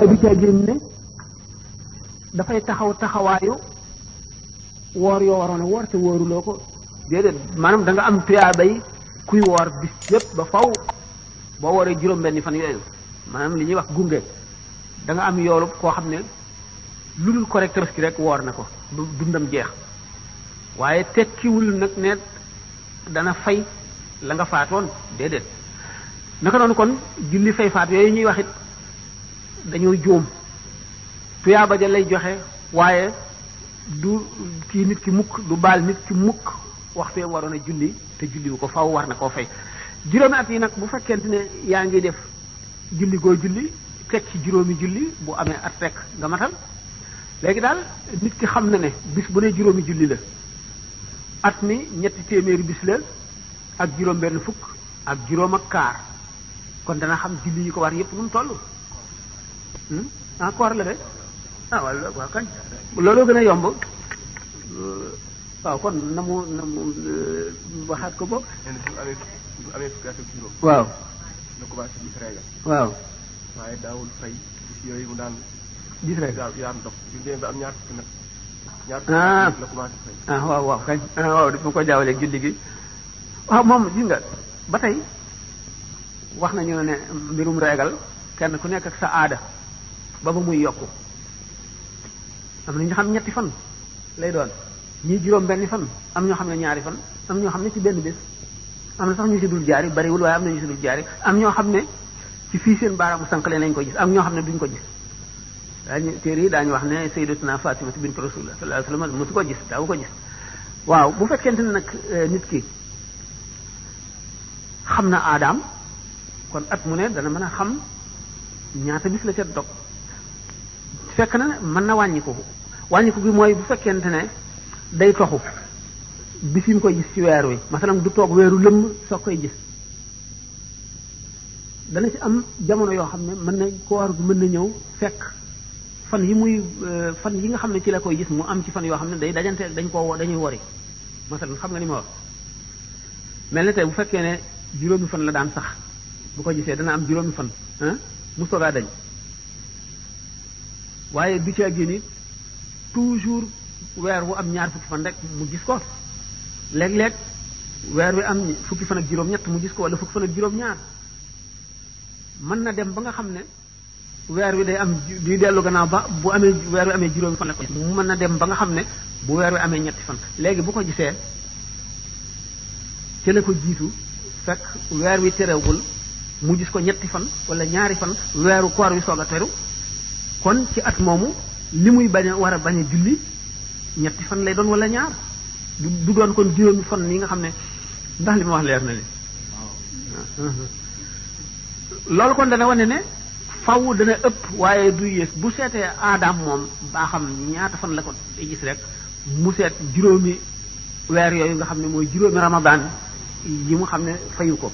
waaye du dafay taxaw taxawaayu woor yoo waroon a woor te wóoruloo ko déedéet maanaam da nga am tuyaabay kuy woor bis yépp ba faw boo wooree juróom-benni fan yooyu maanaam li ñuy wax gunge da am yoolub koo xam ne lu dul correcteur ki rek woor na ko dundam jeex waaye tekkiwul nag ne dana fay la nga faatoon déedéet naka noonu kon julli fay faat yooyu ñuy waxit dañoo juum tuyaaba ja joxe waaye du kii nit ki mukk du baal nit ki mukk waxtu yam waroon a julli te julliwu ko faw war na koo fay juróomi at yi nag bu fekkente ne yaa ngi def julli goo julli teg ci juróomi julli bu amee at rek nga matal léegi daal nit ki xam na ne bis bu ne juróomi julli la at mi ñetti téeméeri bis la ak juróom benn fukk ak juróom ak kaar kon dana xam julli yi ko war yépp nu mu toll ah koor la de looloo gën a yomb waaw kon na mu na mu waxaat ko boog. waaw. na commencé waaw. waaye daawul fay gis yooyu mu daan. gis régal waaw ko jaawaleeg julli gi moom gis nga ba tey wax nañu ne mbirum régal kenn ku nekk ak sa aada. ba ba muy yokk am na ñoo xam ñetti fan lay doon ñii juróom benn fan am ñoo xam ne ñaari fan am ñoo xam ne ci benn bés am na sax ñu si jaar jaari bariwul waaye am na ñu si jaar jaari am ñoo xam ne ci fii seen baaraamu sànq leen lañ ko gis am ñoo xam ne duñ ko gis daañu yi daañu wax ne sayyidatuna Fatima bint Rasulullah sallallahu alayhi wa sallam mosu ko gis daawu ko gis waaw bu fekkente ne nag euh, nit ki xam na aadaam kon at mu ne dana mën a xam ñaata bis la ca dog fekk na mën na wàññiku wàññiku bi mooy bu fekkente ne day toxu bis yi koy gis ci weer wi masalan du toog weeru lëmm soo koy gis dana ci am jamono yoo xam ne mën na koor gi mën na ñëw fekk fan yi muy euh, fan yi nga xam ne ci la koy gis mu am ci fan yoo xam ne day dajante ak dañ koo dañuy wori masalan xam nga ni ma wax mel na tey bu fekkee ne juróomi fan la daan sax bu ko gisee dana am juróomi fan mu soogaa dañ waaye du caa génn toujours weer wu am ñaar fukki fan rek mu gis ko léeg lekk weer wi am fukki fan ak juróom-ñett mu gis ko wala fukki fan ak juróom-ñaar mën na dem ba nga xam ne weer wi day am di dellu gannaaw ba bu amee weer wi amee juróomi ko mu mën na dem ba nga xam ne bu weer wi amee ñetti fan. léegi bu ko gisee ci ko jiitu fekk weer wi terewul mu gis ko ñetti fan wala ñaari fan weeru koor wi soog a teru. kon ci at moomu li muy bañ a war a bañ a julli ñetti fan lay doon wala ñaar du doon kon juróomi fan yi nga xam ne ndax li ma wax leer na li loolu kon dana wane ne faw dana ëpp waaye du yées bu seetee aadaam moom baa xam ñaata fan la ko gis rek mu seet juróomi weer yooyu nga xam ne mooy juróomi ramadaan yi mu xam ne fayu ko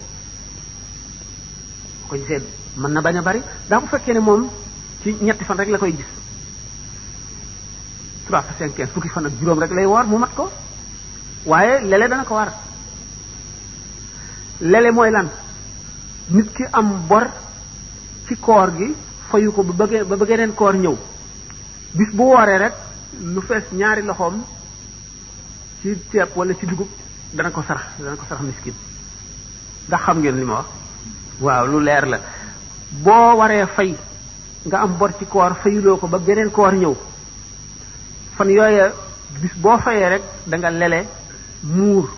ko seet mën na bañ a bari daa ko fekkee ne moom ci ñetti fan rek la koy gis trois fois cinq quinze fukki fan ak juróom rek lay woor mu mat ko waaye lele dana ko war lele mooy lan nit ki am bor ci koor gi fayu ko ba bëggee ba bëggee neen koor ñëw bis bu woree rek lu fees ñaari loxoom ci ceeb wala ci dugub dana ko sarax dana ko sarax miskin ndax xam ngeen li ma wax waaw lu leer la boo waree fay nga am bor ci koor fayuloo ko ba geneen koor ñëw fan yooya bis boo fayee rek da nga lele muur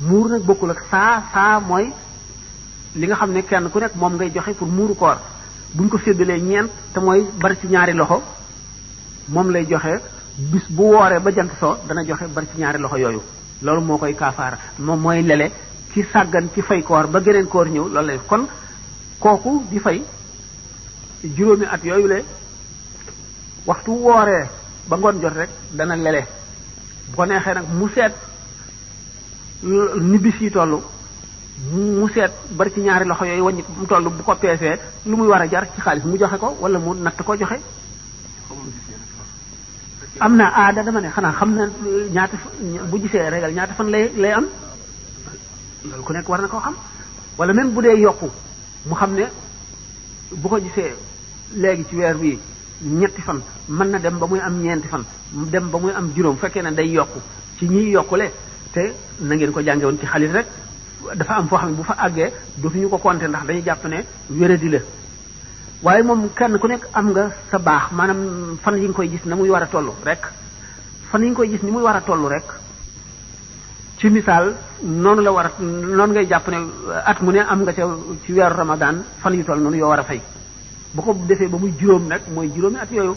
muur nag bokkul ak saa saa mooy li nga xam ne kenn ku nekk moom ngay joxe pour muuru koor buñ ko séddalee ñeent te mooy bari ci ñaari loxo moom lay joxe bis bu wooree ba jant soo dana joxe bari ci ñaari loxo yooyu loolu moo koy kaafaara moom mooy lele ci sàggan ci fay koor ba geneen koor ñëw loolu lay kon kooku di fay juróomi at yooyu le waxtu wooree ba ngoon jot rek dana lele bu ko neexee nag mu seet ni bis toll mu seet bari ci ñaari loxo yooyu wàññi mu toll bu ko peesee lu muy war a jar ci xaalis mu joxe ko wala mu natt ko joxe am na aada dama ne xanaa xam na ñaata bu gisee régal ñaata fan lay lay am ku nekk war na koo xam wala même bu dee yokku mu xam ne bu ko gisee léegi ci weer bii ñetti fan mën na dem ba muy am ñeenti fan dem ba muy am juróom fekkee ne day yokku ci ñiy yokkule te na ngeen ko jànge ci xalit rek dafa am foo xam ne bu fa àggee dootuñu ko compter ndax dañuy jàpp ne wéradi la waaye moom kenn ku nekk am nga sa baax maanaam fan yi nga koy gis na muy war a toll rek fan yi nga koy gis ni muy war a toll rek ci misaal noonu la war a noonu ngay jàpp ne at mu ne am nga ca ci weeru ramadan fan yu toll noonu yoo war a fay bu ko defee ba muy juróom nag mooy juróomi at yooyu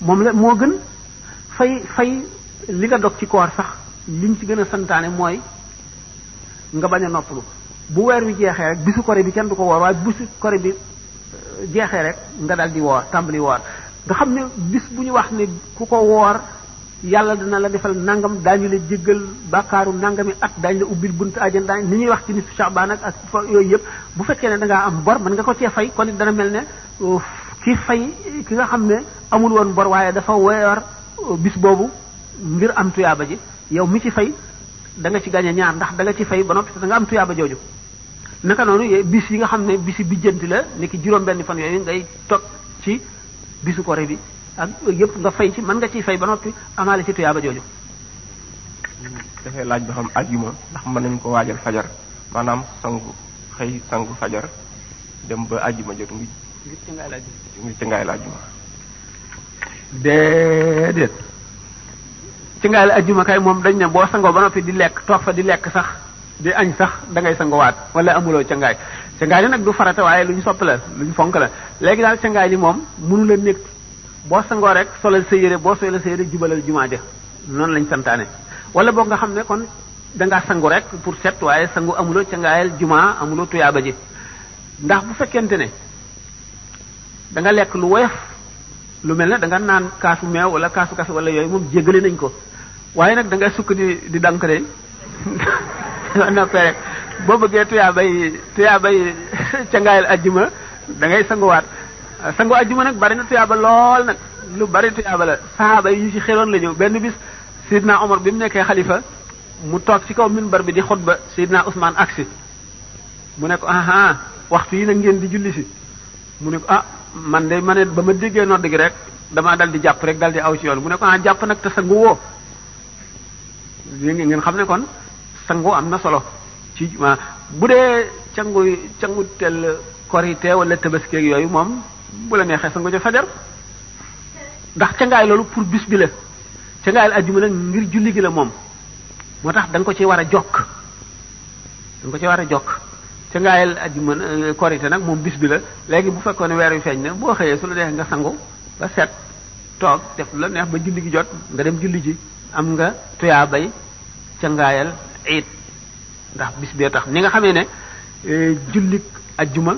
moom la moo gën fay fay li nga dog ci koor sax liñ ci gën a santaane mooy nga bañ a noppalu bu weer wi jeexee rek bisu kore bi kenn du ko woor waaye bisu kore bi euh, jeexee rek nga dal di woor tàmbali woor nga xam ne bis bu ñu wax ni ku ko woor yàlla dina la defal nangam daañu la jéggal bàkkaaru nangami at daañu la ubbil buntu àjjana daañu ni ñuy wax ci nisu Shaaban ak ak yooyu yëpp bu fekkee ne da ngaa am bor mën nga ko cee fey kon it dana mel ne ki fay ki nga xam ne amul woon bor waaye dafa weer uh, bis boobu ngir am tuyaaba ji yow mi ci fay da nga ci gañe ñaar ndax da nga ci fay ba noppi da nga am tuyaaba jooju naka noonu eh, bis yi nga xam ne bisi bijjanti la nekk juróom-benn fan yooyu ngay toog ci bisu koré bi ak yëpp nga fay ci man nga ciy fay ba noppi amaale ci tuyaaba jooju. dafay laaj ba xam ajjuma ndax mën nañu ko waajal fajar maanaam sangu xëy sangu fajar dem ba ajjuma jot ngi. ngir tëngaay ajjuma kay moom dañ ne boo sangoo ba noppi di lekk toog fa di lekk sax di añ sax da ngay sanguwaat wala amuloo tëngaay tëngaay li nag du farata waaye lu ñu sopp la lu ñu fonk la léegi daal tëngaay li moom mënu la nekk. boo sangoo rek solal sa yére boo solal sa yére jubalal jumaa ja noonu lañ santaane wala boog nga xam ne kon dangaa sangu rek pour set waaye sangu amuloo ca jumaa amuloo tuyaaba ji ndax bu fekkente ne danga lekk lu woyof lu mel ne da naan kaasu meew wala kaasu kaasu wala yooyu moom jéggale nañ ko waaye nag da ngay sukk di di dànk de noppee rek boo bëggee tuyaabay tuyaabay ca ajjuma da ngay sanguwaat sangu ajjuma nag bari na tuyaaba lool nag lu bari tuyaaba la sahaaba yi ñu ci xeroon la benn bis Seydina Omar bi mu nekkee xalifa mu toog ci kaw min minbar bi di ba xutba Seydina Ousmane agsi mu ne ko aha ah, waxtu yi nag ngeen di julli si mu ne ko ah man de ma ba ma déggee nodd gi rek damaa dal di jàpp rek dal di aw ci yoon mu ne ko ah jàpp nag te sangu woo ngeen xam ne kon sangu am na solo ci bu dee cangu cangu tel korité wala tabaski yooyu moom bu la neexee sangu ca fajar ndax cangaay loolu pour bis bi la cangaayal ajjuma nag ngir julli gi la moom moo tax danga ko ci war a jokk da nga ko ci war a jokk cangaayal ajjuma euh, korite nag moom bis bi la léegi bu fekkoon ne weer wi feeñ ne boo xëyee su la neexee nga sangu ba set toog def lu la neex ba julli gi jot nga dem julli ji am nga tuyaa bay cangaayal iit ndax bis bee tax ni nga xamee ne euh, jullik ajjuma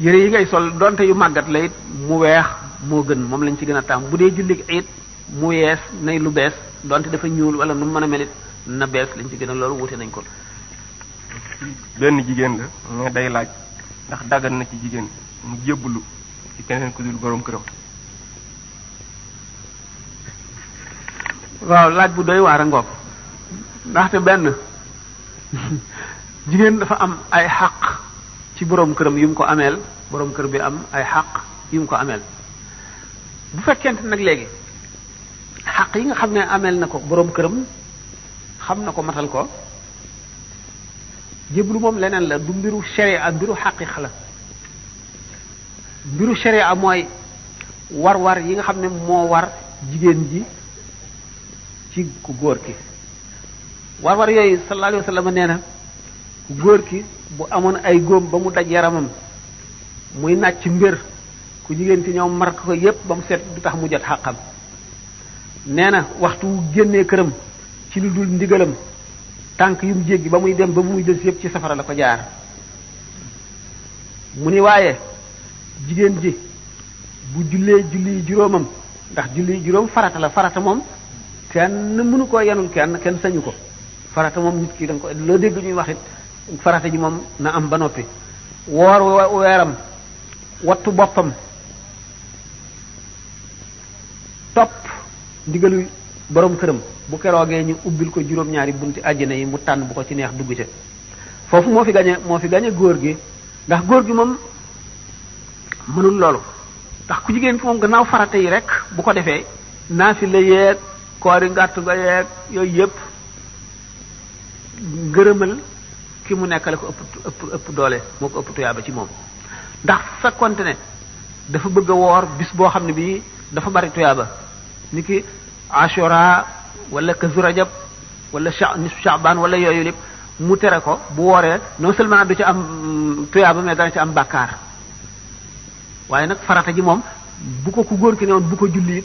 yére yi ngay sol donte yu màggat la mu weex moo gën moom lañ ci gën a taam bu dee julli it mu yees nay lu bees donte dafa ñuul wala nu mu mën a melit na bees lañ ci gën a loolu wute nañ ko. benn jigéen la mais day laaj ndax daggan na ci jigéen mu jébbalu ci keneen ku dul borom këram. waaw laaj bu doy waar a ngoog ndaxte benn jigéen dafa am ay xaq. boroom këram yu mu ko ameel borom kër bi am ay xaq ko ameel bu fekkente nag léegi yi nga xam ne ameel na ko boroom këram xam na ko matal ko jéblu moom leneen la du mbiru sharia mbiru xaqiqa la mbiru sharia mooy war-war yi nga xam ne moo war jigéen ji ci ku góor ki war-war yooyu sallallahu alayhi wa sallam nee na ku góor ki bu amoon ay góom ba mu daj yaramam muy ci mbir ku jigéen ci ñoom mark ko yépp ba mu set du tax mu jot xàqam nee na waxtu wu génnee këram ci lu dul ndigalam tànk yu mu jéggi ba muy dem ba muy des yépp ci safara la ko jaar mu ni waaye jigéen ji bu jullee julli juróomam ndax julli juróom farata la farata moom kenn munu koo yenul kenn kenn sañu ko farata moom nit ki da ko loo dégg ñuy waxit farata ji moom na am ba noppi woor weeram wattu boppam topp ndigalu borom këram bu keroogee ñu ubbil ko juróom-ñaari bunti àjjana yi mu tànn bu ko ci neex dugg ca foofu moo fi gañe moo fi gañe góor gi ndax góor gi moom mënul loolu ndax ku jigéen ki moom gannaaw farata yi rek bu ko defee naafi la yeeg koori ngàtt nga yeeg yooyu yëpp ngërëmal ki mu nekkale ko ëpp ëpp doole moo ko ëpp tuyaaba ci moom ndax fekkonte ne dafa bëgg a woor bis boo xam ne bii dafa bari tuyaaba ni ki ashura wala kazu rajab wala sha nisfu shaaban wala yooyu lépp mu tere ko bu wooree non seulement du ci am mm, tuyaaba mais dana ci am bàkkaar waaye nag farata ji moom bu ko ku góor ki ne woon bu ko julli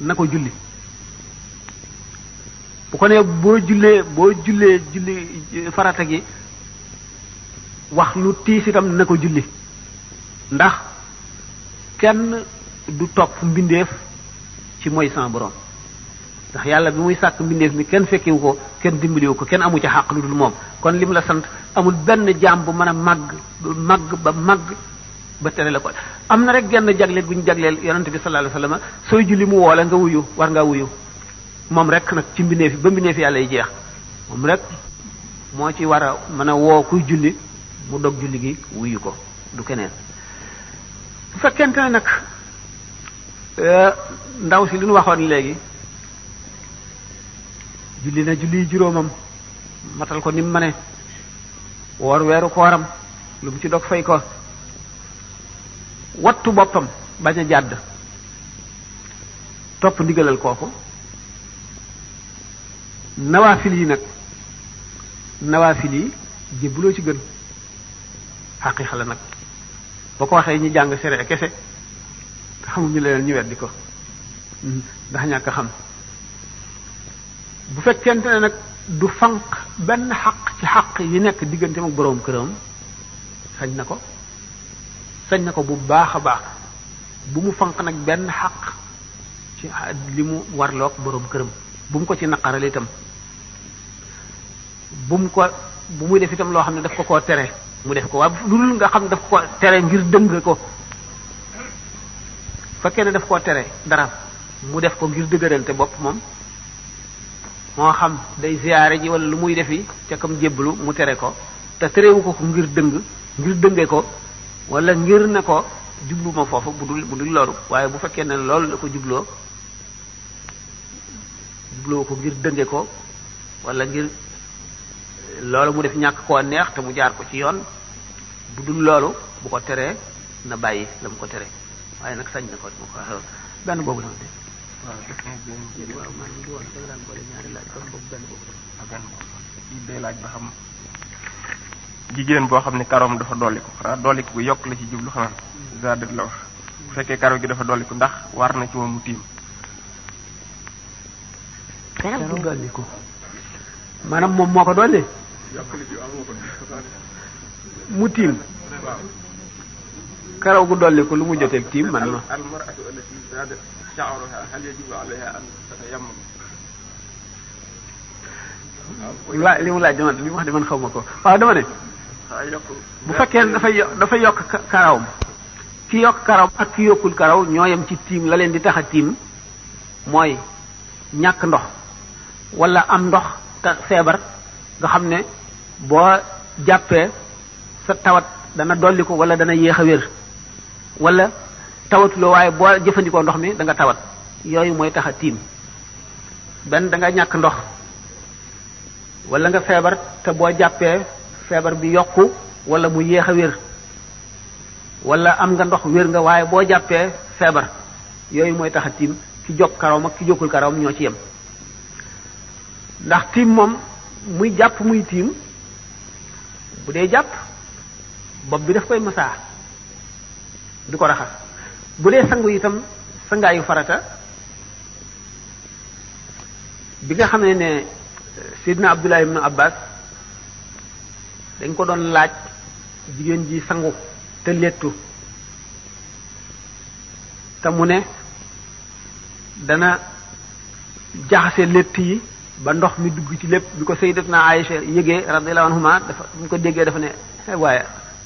na ko julli bu ko nee boo jullee boo jullee julli eh, farata gi wax lu tiis itam na ko julli ndax kenn du topp mbindeef ci mooy sans borom ndax yàlla bi muy sàkk mbindeef mi kenn fekkiwu ko kenn dimbaliwu ko kenn amu ci xàq lu dul moom kon lim la sant amul benn jaam bu mën a màgg màgg ba mag ba tere la ko am na rek genn jagleel gu ñu jagleel yonente bi sallallahu alayhi wasallam sooy julli mu woole nga wuyu war ngaa wuyu moom rek nag ci mbindeef ba mbindeef yàlla yi jeex moom rek moo ci war a mën a woo kuy julli mu dog julli gi wuyu ko du keneen bu fekkente ne nag euh, ndaw si li ñu waxoon léegi julli na julli juróomam matal ko ni mu mëne woor weeru kooram lu mu ci dog fay ko wattu boppam bañ a jàdd topp ndigalal kooku nawaafil yi nag nawaafil yi jébbaloo ci gën xaqiiqa la nag boo ko waxee ñu jàng sere kese te xamuñu leneen ñu weddi ko ndax ñàkk xam bu fekkente ne nag du fanq benn xaq ci xaq yi nekk diggante ak boroom këram sañ na ko sañ na ko bu baax a baax bu mu fanq nag benn xaq ci li mu warlook boroom këram bu mu ko ci naqaral itam bu mu ko bu muy def itam loo xam ne daf ko koo tere mu def ko waaye lu dul nga xam ne daf ko tere ngir dëng ko fekkee ne daf koo tere dara mu def ko ngir te bopp moom moo xam day ziyaare ji wala lu muy defi ca kam jébbalu mu tere ko te terewu ko ko ngir dëng ngir dënge ko walla ngir ne ko jublu ma foofu bu dul bu dul loolu waaye bu fekkee ne loolu la ko jubloo jubloo ko ngir dënge ko wala ngir loolu def ñàkk koo neex te mu jaar ko ci yoon bu dul loolu bu ko teree na bàyyi la ko tere waaye nag sañ na ko mu laaj kon boobu ah, xam jigéen boo xam ne karoom dafa dolliku xanaa dolliku bu yokk la ci jublu xanaan hmm. zadat la wax bu fekkee karo gi dafa dolliku ndax war na ci moom mu tiim dara dolli ko maanaam moom moo ko dolli mu tiim karaw gu dolli ko lu mu joteeg tiim man ma waa li mu laaj dama li mu wax de man xaw ma ko waaw dama bu fekkee dafay dafay yokk karawam ki yokk karaw ak ki yokkul karaw ñoo yem ci tiim la leen di tax a tiim mooy ñàkk ndox wala am ndox te feebar nga xam ne boo jàppee sa tawat dana dolli ko wala dana yéex a wér walla tawatuloo waaye boo jëfandikoo ndox mi da nga tawat yooyu mooy tax a tiim benn da nga ñàkk ndox wala nga feebar te boo jàppee feebar bi yokku wala mu yéex a wér wala am nga ndox wér nga waaye boo jàppee feebar yooyu mooy tax a tiim ki jóg karawam ak ki jógul karawam ñoo ci yem ndax tiim moom muy jàpp muy tiim bu dee jàpp bopp bi daf koy masaa du ko raxas bu dee sangu itam sangaayu farata bi nga xam ne ne euh, Seydina Abdullah ibn Abbas dañ ko doon laaj jigéen ji sangu te lettu te mu ne dana jaxase lett yi ba ndox mi dugg ci lépp bi ko sayyidatna Aïcha yëgee radiyallahu anhuma dafa bu ko déggee dafa ne eh, waaye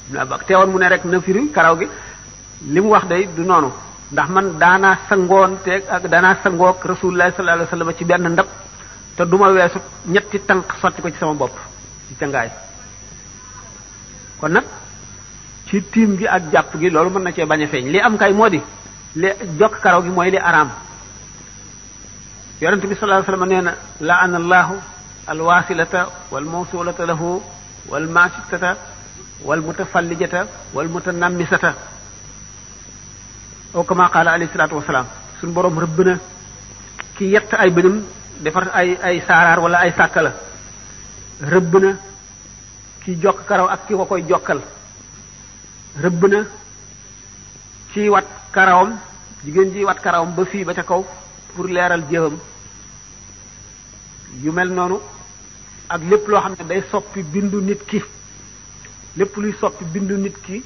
ibnu Abubakar teewoon mu ne rek na firi karaw gi mu wax day du noonu ndax man daanaa sangoon te ak daanaa sangook rasulullah sallallahu alayhi wasallam ci benn ndab te duma weesu ñetti tànk sotti ko ci sama bopp ci cangaay kon nag ci tiim gi ak jàpp gi loolu mën na cee bañ a feeñ li am kay moo di li jokk karaw gi mooy li araam yonent bi sallallahu alayhi wasallam nee na laana allahu alwasilata walmawsulata lahu walmasitata walmutafallijata walmutanammisata aw kama qaala alayhi salaatu wasalaam ay sàkka la rëbb na ki jokk karaw ak ki ko koy jokkal rëbb na ci wat karawam jigéen ji wat karawam ba fii ba ca kaw pour leeral jëfam yu mel noonu ak lépp loo xam ne day soppi bindu nit ki lépp luy soppi bindu nit ki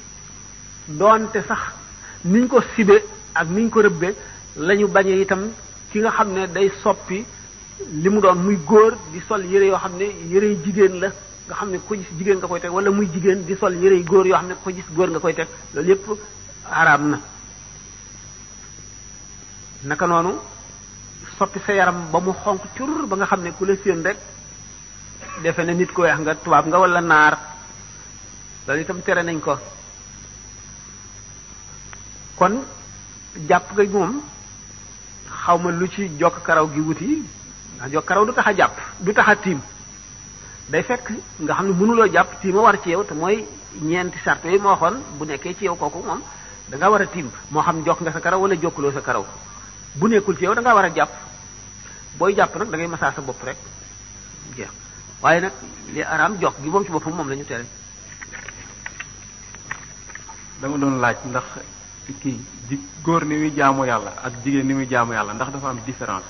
doonte sax niñ ko sibe ak niñ ko rëbbe lañu bañe itam ki nga xam ne day soppi li mu doon muy góor di sol yére yoo xam ne yérey jigéen la nga xam ne ko gis jigéen nga koy teg wala muy jigéen di sol yérey góor yoo xam ne ko gis góor nga koy teg loolu yëpp araam na naka noonu soppi sa yaram ba mu xonq cur ba nga xam ne ku la séen rek defe ne nit ko weex nga tubaab nga wala naar loolu itam tere nañ ko kon jàpp ga moom xaw ma lu ci jokk karaw gi wuti ndax jokk karaw du tax a jàpp du tax a tiim day fekk nga xam ne mënuloo jàpp tiima war ci yow te mooy ñeenti sart yi moo waxoon bu nekkee ci yow kooku moom da nga war a tiim moo xam jokk nga sa karaw wala jokkuloo sa karaw bu nekkul ci yow da ngaa war a jàpp booy jàpp nag da ngay masaa sa bopp rek jeex waaye nag li araam jox gi moom ci bopp moom lañu ñu tere dama doon laaj ndax kii ji góor ni muy jaamu yàlla ak jigéen ni muy jaamu yàlla ndax dafa am différence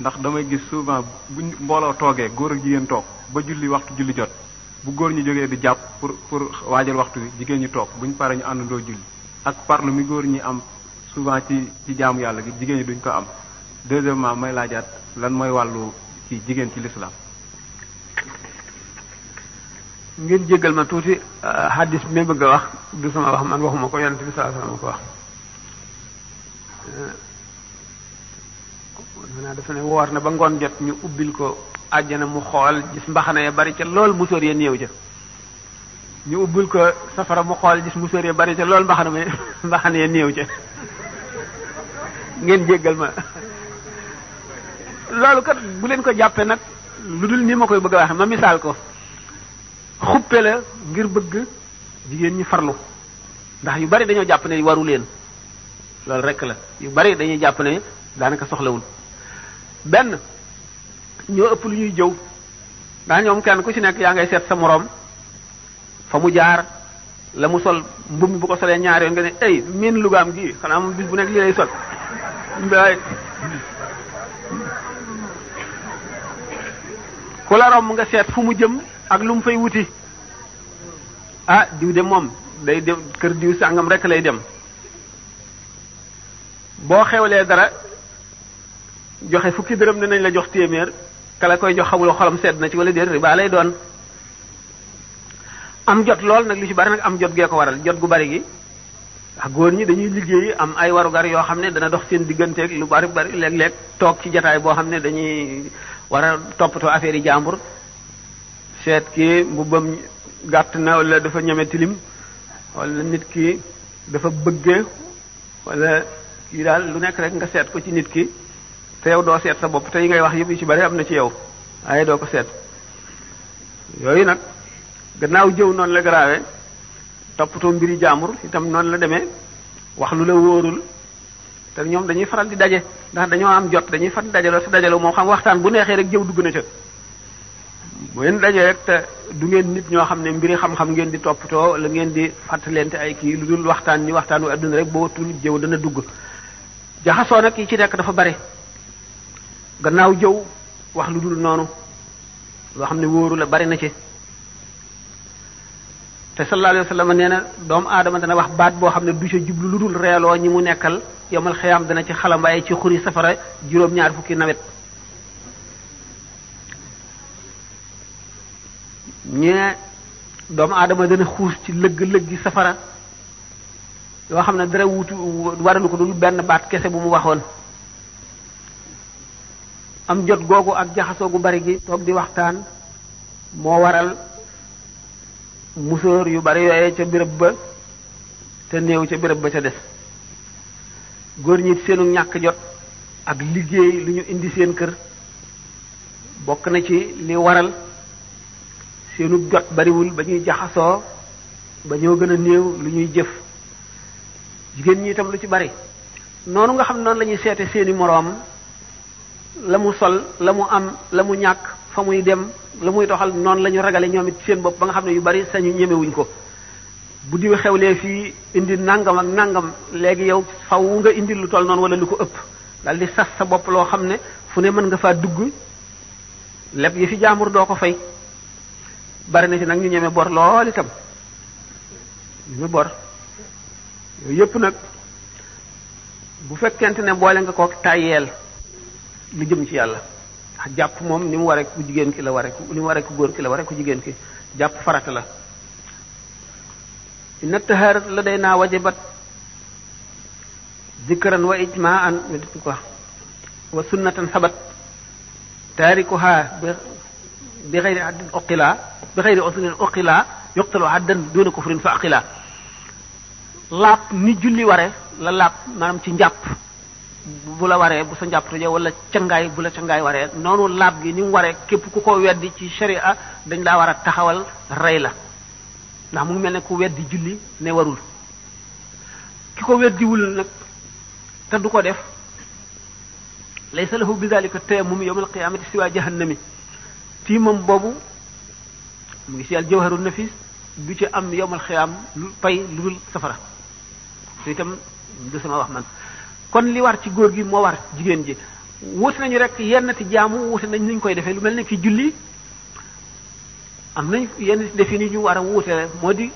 ndax damay gis souvent bu mbooloo toogee góor ak jigéen toog ba julli waxtu julli jot bu góor ñi jógee di jàpp pour pour waajal waxtu wi jigéen ñi toog buñ paree ñu àndandoo julli ak parlu mi góor ñi am souvent ci ci jaamu yàlla gi jigéen ñi duñ ko am deuxièmement may laajaat lan mooy wàllu ci jigéen ci lislaam ngeen jéggal ma tuuti euh, hadis bi may bëgg a wax du sama wax man waxuma ko yonent bi sallallahu alayhi wasallam ko wax maanaam euh, dafa ne woor na ba ngoon jot ñu ubbil ko àjjana mu xool gis mbaxana ya bari ca lool musóor ya néew ja ñu ubbil ko safara mu xool gis musóor ya bari ca lool mbaxana ma mbaxana ya néew ca ngeen jéggal ma loolu bu leen ko jàppee nag lu dul ni ma koy bëgg a wax ma misaal ko xuppe la ngir bëgg jigéen ñu farlu ndax yu bari dañoo jàpp ne waru leen loolu rek la yu bari dañuy jàpp ne daanaka soxlawul benn ñoo ëpp lu ñuy jëw ndax ñoom kenn ku ci nekk yaa ngay seet sa moroom fa mu jaar la mu sol mbubb bu ko solee ñaar yoon nga ne ay miin lugaam gi xanaa moom bis bu nekk lii lay sol mbaay ku la romb nga seet fu mu jëm ak lu mu fay wuti ah diw de moom day dem kër diw sàngam rek lay dem boo xewlee dara joxe fukki dërëm nañ la jox téeméer kala koy jox xamuloo xolam sedd na ci wala déet riba lay doon am jot lool nag lu ci bari nag am jot gee ko waral jot gu bari gi ndax góor ñi dañuy liggéey am ay warugar yoo xam ne dana dox seen digganteeg lu bari bari léeg-léeg toog ci jataay boo xam ne dañuy war a toppatoo affaire yi jàmbur seet ki mbubbam gàtt na wala dafa ñeme tilim wala nit ki dafa bëgge wala kii daal lu nekk rek nga seet ko ci nit ki te yow doo seet sa bopp te yi ngay wax yépp yu ci bari am na ci yow waaye doo ko seet yooyu nag gannaaw jëw noonu la garaawee toppatoo mbiri jaamur itam noonu la demee wax lu la wóorul te ñoom dañuy faral di daje ndax dañoo am jot dañuy faral di dajaloo te dajaloo moo xam waxtaan bu neexee rek jëw dugg na ca bu ngeen dajee rek te du ngeen nit ñoo xam ne mbiri xam-xam ngeen di toppatoo la ngeen di fàttalente ay kii lu dul waxtaan ni waxtaanu àdduna rek boo tul jëw dana dugg jaxasoo nag yi ci nekk dafa bare gannaaw jëw wax lu dul noonu loo xam ne wóoru la bari na ci te sallallahu alayhi wa sallam nee na doomu aadama dana wax baat boo xam ne du ca jublu lu dul reeloo ñi mu nekkal yomal xiyaam dana ci xalambaay ci xuri safara juróom-ñaar fukki nawet ñee doomu aadama dana xuus ci lëgg-lëggi safara yoo xam ne dara wutu waralu ko dul benn baat kese bu mu waxoon am jot googu ak jaxasoo gu bari gi toog di waxtaan moo waral musóor yu bari yooye ca béréb ba te néew ca béréb ba ca des góor ñi seenu ñàkk jot ak liggéey lu ñu indi seen kër bokk na ci li waral seenu jot bariwul ba ñuy jaxasoo ba ñoo gën a néew lu ñuy jëf jigéen ñi itam lu ci bari noonu nga xam noon lañuy seete seeni moroom la mu sol la mu am la mu ñàkk fa muy dem la muy doxal noonu la ñu ragale ñoom it seen bopp ba nga xam ne yu bari sañu ñemewuñ ko bu diw xewlee fii indi nangam ak nangam léegi yow faw nga indi lu toll noonu wala lu ko ëpp daal di sas sa bopp loo xam ne fu ne mën nga faa dugg leb yi fi jaamur doo ko fay bari na ci nag ñu ñeme bor lool itam ñeme bor yépp nag bu fekkent ne boole nga ko tayel lu jëm ci yàlla jàpp moom ni mu waree ku jigéen ki la waree ku ni mu waree ku góor la waree ku jigéen ki jàpp farata la inna taharat la day naa wajabat zikran wa ijmaan wa sunnatan sabat taarikuha bi xeyri addin uqila bi xeyri usulin uqila yuqtalu addan duna kufrin fa aqila laab ni julli ware la laab maanaam ci njàpp bu la waree bu sa njàpp tojee wala cangaay bu la cangaay waree noonu laab gi ni mu waree képp ku ko weddi ci sharia dañ laa war a taxawal rey la ndax mu ngi mel ne ku weddi julli ne warul ki ko weddiwul nag te du ko def laysa lahu bi dalika tayammum yawmal qiyamati na jahannami tiimam boobu mu ngi si al jawharu nafis bu ci am yawmal xiyaam lu pay lu dul safara su itam du sama wax man kon li war ci góor gi moo war jigéen ji wuute nañu rek yenn ti jaamu wuute nañ nuñ koy defee lu mel ne ki julli am nañ yenn ti defini ñu war a wuute moo di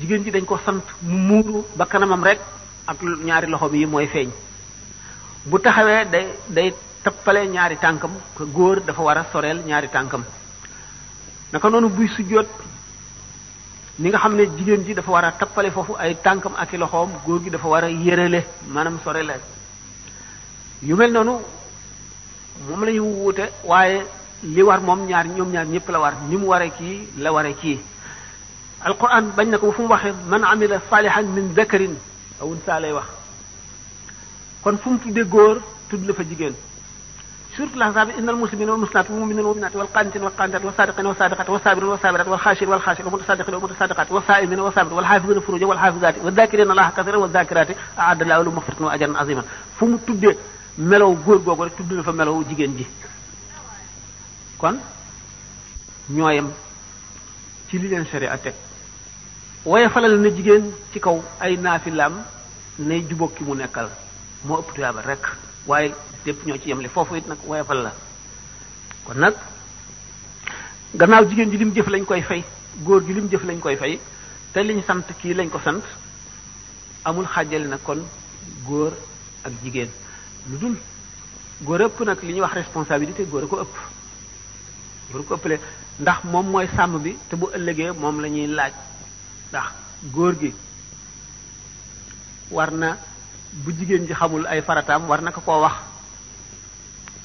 jigéen ji dañ ko sant mu muuru ba kanamam rek ak ñaari loxoom yi mooy feeñ bu taxawee day day tappale ñaari tànkam ko góor dafa war a soreel ñaari tànkam naka noonu buy sujjóot ni nga xam ne jigéen ji dafa war a tappale foofu ay tànkam ak i loxoom góor gi dafa war a yërale maanaam sore la yu mel noonu moom la ñu wuute waaye li war moom ñaar ñoom ñaar ñëpp la war ni mu waree kii la waree kii alquran bañ na ko fu mu waxee man amila salihan min zakarin awun saa lay wax kon fu tuddee góor tudd la fa jigéen suratul ahzab innal muslimina wal muslimat wal mu'minina wal mu'minat wal qanitina wal qanitat was sadiqina was sadiqat was sabirina was sabirat wal khashirina wal khashirati wal mutasaddiqina wal mutasaddiqat was saimina was sabirina wal hafizina furujahum wal hafizati waz zakirina allaha kathiran waz zakirati a'adda allahu lahum maghfiratan wa ajran aziman fu mu tuddee melaw góor googu rek tudd na fa melaw jigéen ji kon ñooyam ci li leen sharia teg waaye falal na jigéen ci kaw ay naafilaam nay jubóog ki mu nekkal moo ëpp tuyaaba rek waaye lépp ñoo ci yemle foofu it nag woyofal la kon nag gannaaw jigéen ji lim jëf lañ koy fay góor gi lim jëf lañ koy fay te liñ sant kii lañ ko sant amul xàjjale na kon góor ak jigéen lu dul góor ëpp nag li ñuy wax responsabilité góor a ko ëpp góor ko ëppale ndax moom mooy sàmm bi te bu ëllëgee moom lañuy laaj ndax góor gi war na bu jigéen ji xamul ay farataam war na ko koo wax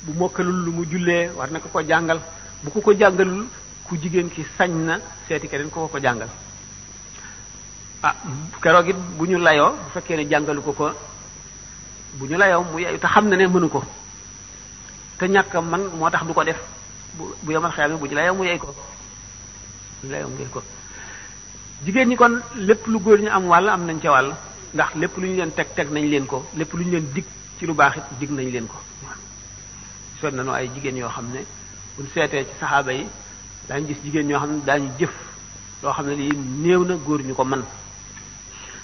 bu mokkalul lu mu jullee war na ko ko jàngal bu ko ko jàngalul ku jigéen ki sañ na seeti keneen ko ko jàngal ah keroog bu ñu layoo bu fekkee ne jàngalu ko ko bu ñu layoo mu yeyu xam na ne mënu ko te ñàkk man moo tax du ko def bu bu yomal bu ñu layoo ko ko jigéen ñi kon lépp lu góor ñu am wàll am nañ ca wàll ndax lépp lu ñu leen teg teg nañ leen ko lépp lu ñu leen dig ci lu baax it dig nañ leen ko son nañu ay jigéen yoo xam ne buñ seetee ci saxaaba yi daañu gis jigéen ñoo xam ne daañu jëf loo xam ne lii néew na góor ñu ko man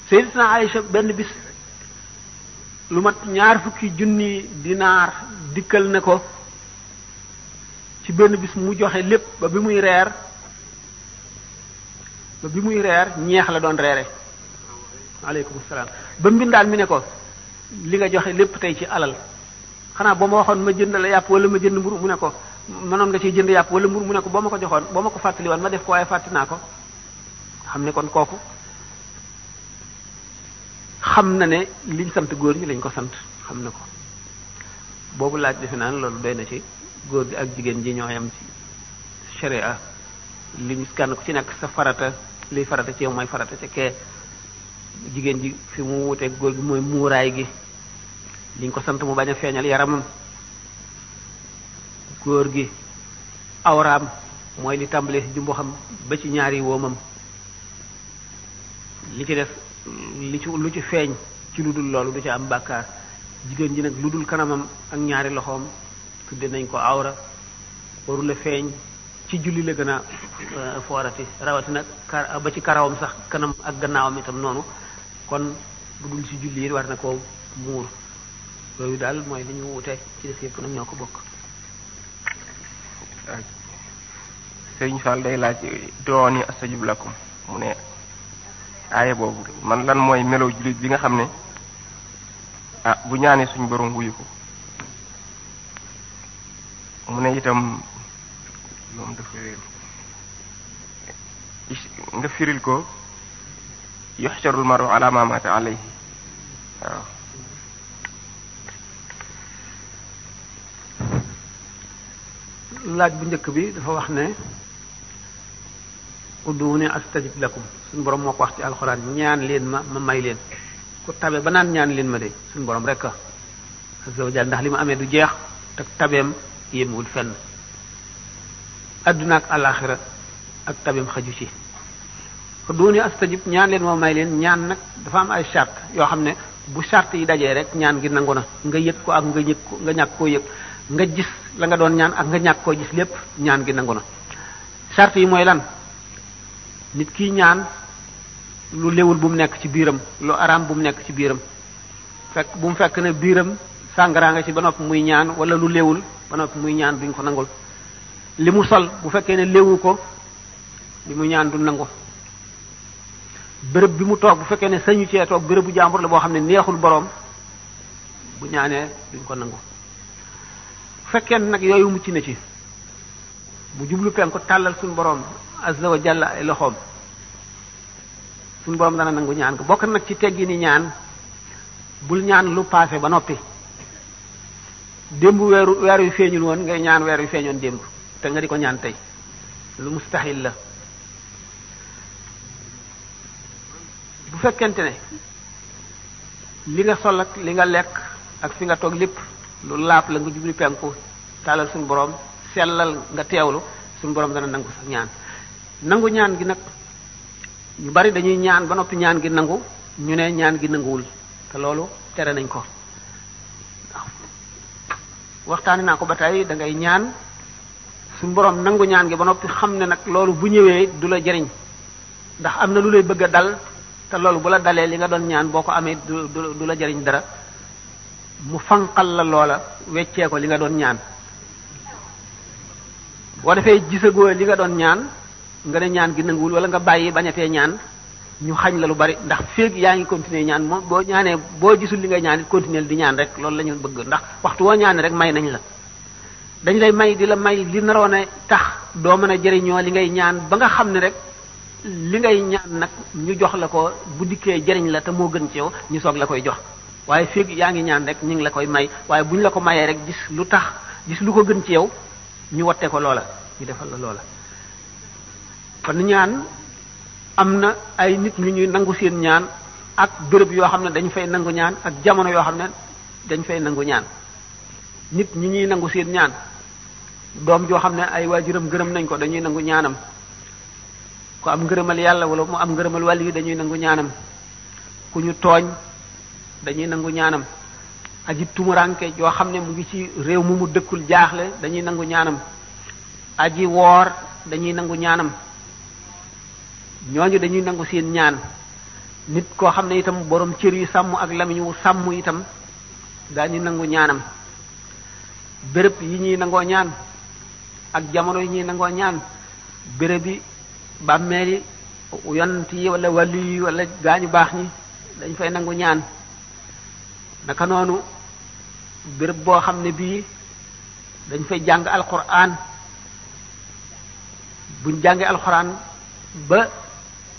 Sayyidatuna Aïcha benn bis lu mat ñaar fukki junni dinaar dikkal ne ko ci benn bis mu joxe lépp ba bi muy reer ba bi muy reer ñeex la doon reere aleykum salaam ba mbindaan mi ne ko li nga joxe lépp tey ci alal xanaa boo ma waxoon ma jënd la yàpp wala ma jënd mburu mu ne ko mënoon nga ciy jënd yàpp wala mburu mu ne ko boo ma ko joxoon boo ma ko fàttali woon ma def ko waaye fàtti naa ne kon kooku xam na ne liñ sant góor ñi lañ ko sant xam na ko boobu laaj defe naa loolu doy na ci góor gi ak jigéen ji ñoo yam ci sharia li ñu kenn ku ci nekk sa farata liy farata ci yow mooy farata ca kee jigéen ji fi mu wuteeg góor gi mooy muuraay gi liñ ko sant mu bañ a feeñal yaramam góor gi awraam mooy li tàmbale si jumbo xam ba ci ñaari woomam li ci def li ci lu ci feeñ ci lu dul loolu du ci am bàkkaar jigéen ji nag lu dul kanamam ak ñaari loxoom tudde nañ ko awra warula feeñ ci julli la gën a euh, foorati rawati nag ba ci karawam sax kanam ak gannaawam itam noonu kon bu dul ci julli war na koo muur loolu daal mooy li ñu wute ci des yëpp nag ñoo ko bokk. Sëriñ Fall day laaj dooni astajib lakum mu ne aaya boobu man lan mooy melow jullit bi nga xam ne ah bu ñaanee suñu borom wuyu ko mu ne itam moom dafa nga firil ko. yuxsharul maru ala ma mata alayhi waaw laaj bu njëkk bi dafa wax ne udduuni astajib lakum suñu borom moo ko wax ci alxuraan ñaan leen ma may leen ku tabe ba naan ñaan leen ma de suñu borom rek a azza ndax li ma amee du jeex te tabeem yéemwul fenn addunaak alaxira ak tabeem xaju ci fa duuni astajib ñaan leen moo may leen ñaan nag dafa am ay charte yoo xam ne bu charte yi dajee rek ñaan gi nangu na nga yëg ko ak nga yëg ko nga ñàkk koo yëg nga gis la nga doon ñaan ak nga ñàkk koo gis lépp ñaan gi nangu na charte yi mooy lan nit ki ñaan lu léwul bu mu nekk ci biiram lu araam bu mu nekk ci biiram fekk bu mu fekk ne biiram sàngara nga ci ba noppi muy ñaan wala lu leewul ba noppi muy ñaan duñ ko nangul li mu sol bu fekkee ne léwu ko li mu ñaan du nangu bërëb bi mu toog bu fekkee ne sañu cee toog bërëbu jàmbur la boo xam ne neexul boroom bu ñaanee duñ ko nangu fekkee nag yooyu mucc na ci mu jublu penku tàllal suñu boroom azza wa ay loxoom suñu boroom dana nangu ñaan ko bokk nag ci teggi ni ñaan bul ñaan lu paase ba noppi démb weeru weer yu feeñul woon ngay ñaan weer yu feeñoon démb te nga di ko ñaan tey lu mustahil la bu fekkente ne li nga sol ak li nga lekk ak fi nga toog lépp lu laab la nga jubli penku taalal suñu borom sellal nga teewlu suñu borom dana nangu sa ñaan nangu ñaan gi nag ñu bari dañuy ñaan ba noppi ñaan gi nangu ñu ne ñaan gi nanguwul te loolu tere nañ ko waaw naa ko ba tey dangay ñaan suñu borom nangu ñaan gi ba noppi xam ne nag loolu bu ñëwee du la jariñ ndax am na lu lay bëgg a dal te loolu bu la dalee li nga doon ñaan boo ko amee du du la jariñ dara mu fanqal la loola weccee ko li nga doon ñaan boo defee gisagoo li nga doon ñaan nga ne ñaan gi nanguwul wala nga bàyyi bañatee ñaan ñu xañ la lu bari ndax féeg yaa ngi continuer ñaan moom boo ñaanee boo gisul li ngay ñaan it continuer di ñaan rek loolu la ñu bëgg ndax waxtu woo ñaanee rek may nañ la dañ lay may di la may li naroon a tax doo mën a jëriñoo li ngay ñaan ba nga xam ne rek li ngay ñaan nag ñu jox la ko bu dikkee jariñ la te moo gën ci yow ñu soog la koy jox waaye feeg yaa ngi ñaan rek ñu ngi la koy may waaye bu la ko mayee rek gis lu tax gis lu ko gën ci yow ñu watte ko loola ñu defal la loola kon ñaan am na ay nit ñu ñuy nangu seen ñaan ak béréb yoo xam ne dañu fay nangu ñaan ak jamono yoo xam ne dañ fay nangu nit ñi ñuy nangu seen ñaan doom joo xam ne ay waajuram gërëm nañ ko dañuy nangu ñaanam ku am ngërëmal yàlla wala mu am ngërëmal wàll yi dañuy nangu ñaanam ku ñu tooñ dañuy nangu ñaanam aji tumuraanke yoo xam ne mu ngi ci réew mu mu dëkkul jaaxle dañuy nangu ñaanam aji woor dañuy nangu ñaanam ñooñu dañuy nangu seen ñaan nit koo xam ne itam borom cër yu sàmm ak lamiñ wu sàmm itam daañu nangu ñaanam béréb yi ñuy nangoo ñaan ak jamono yi ñuy nangoo ñaan béréb bàmmeeli yonent yi wala wàllu yi wala gaañu baax ni dañ fay nangu ñaan naka noonu béréb boo xam ne bii dañ fay jàng alquran buñ jàngee alquran ba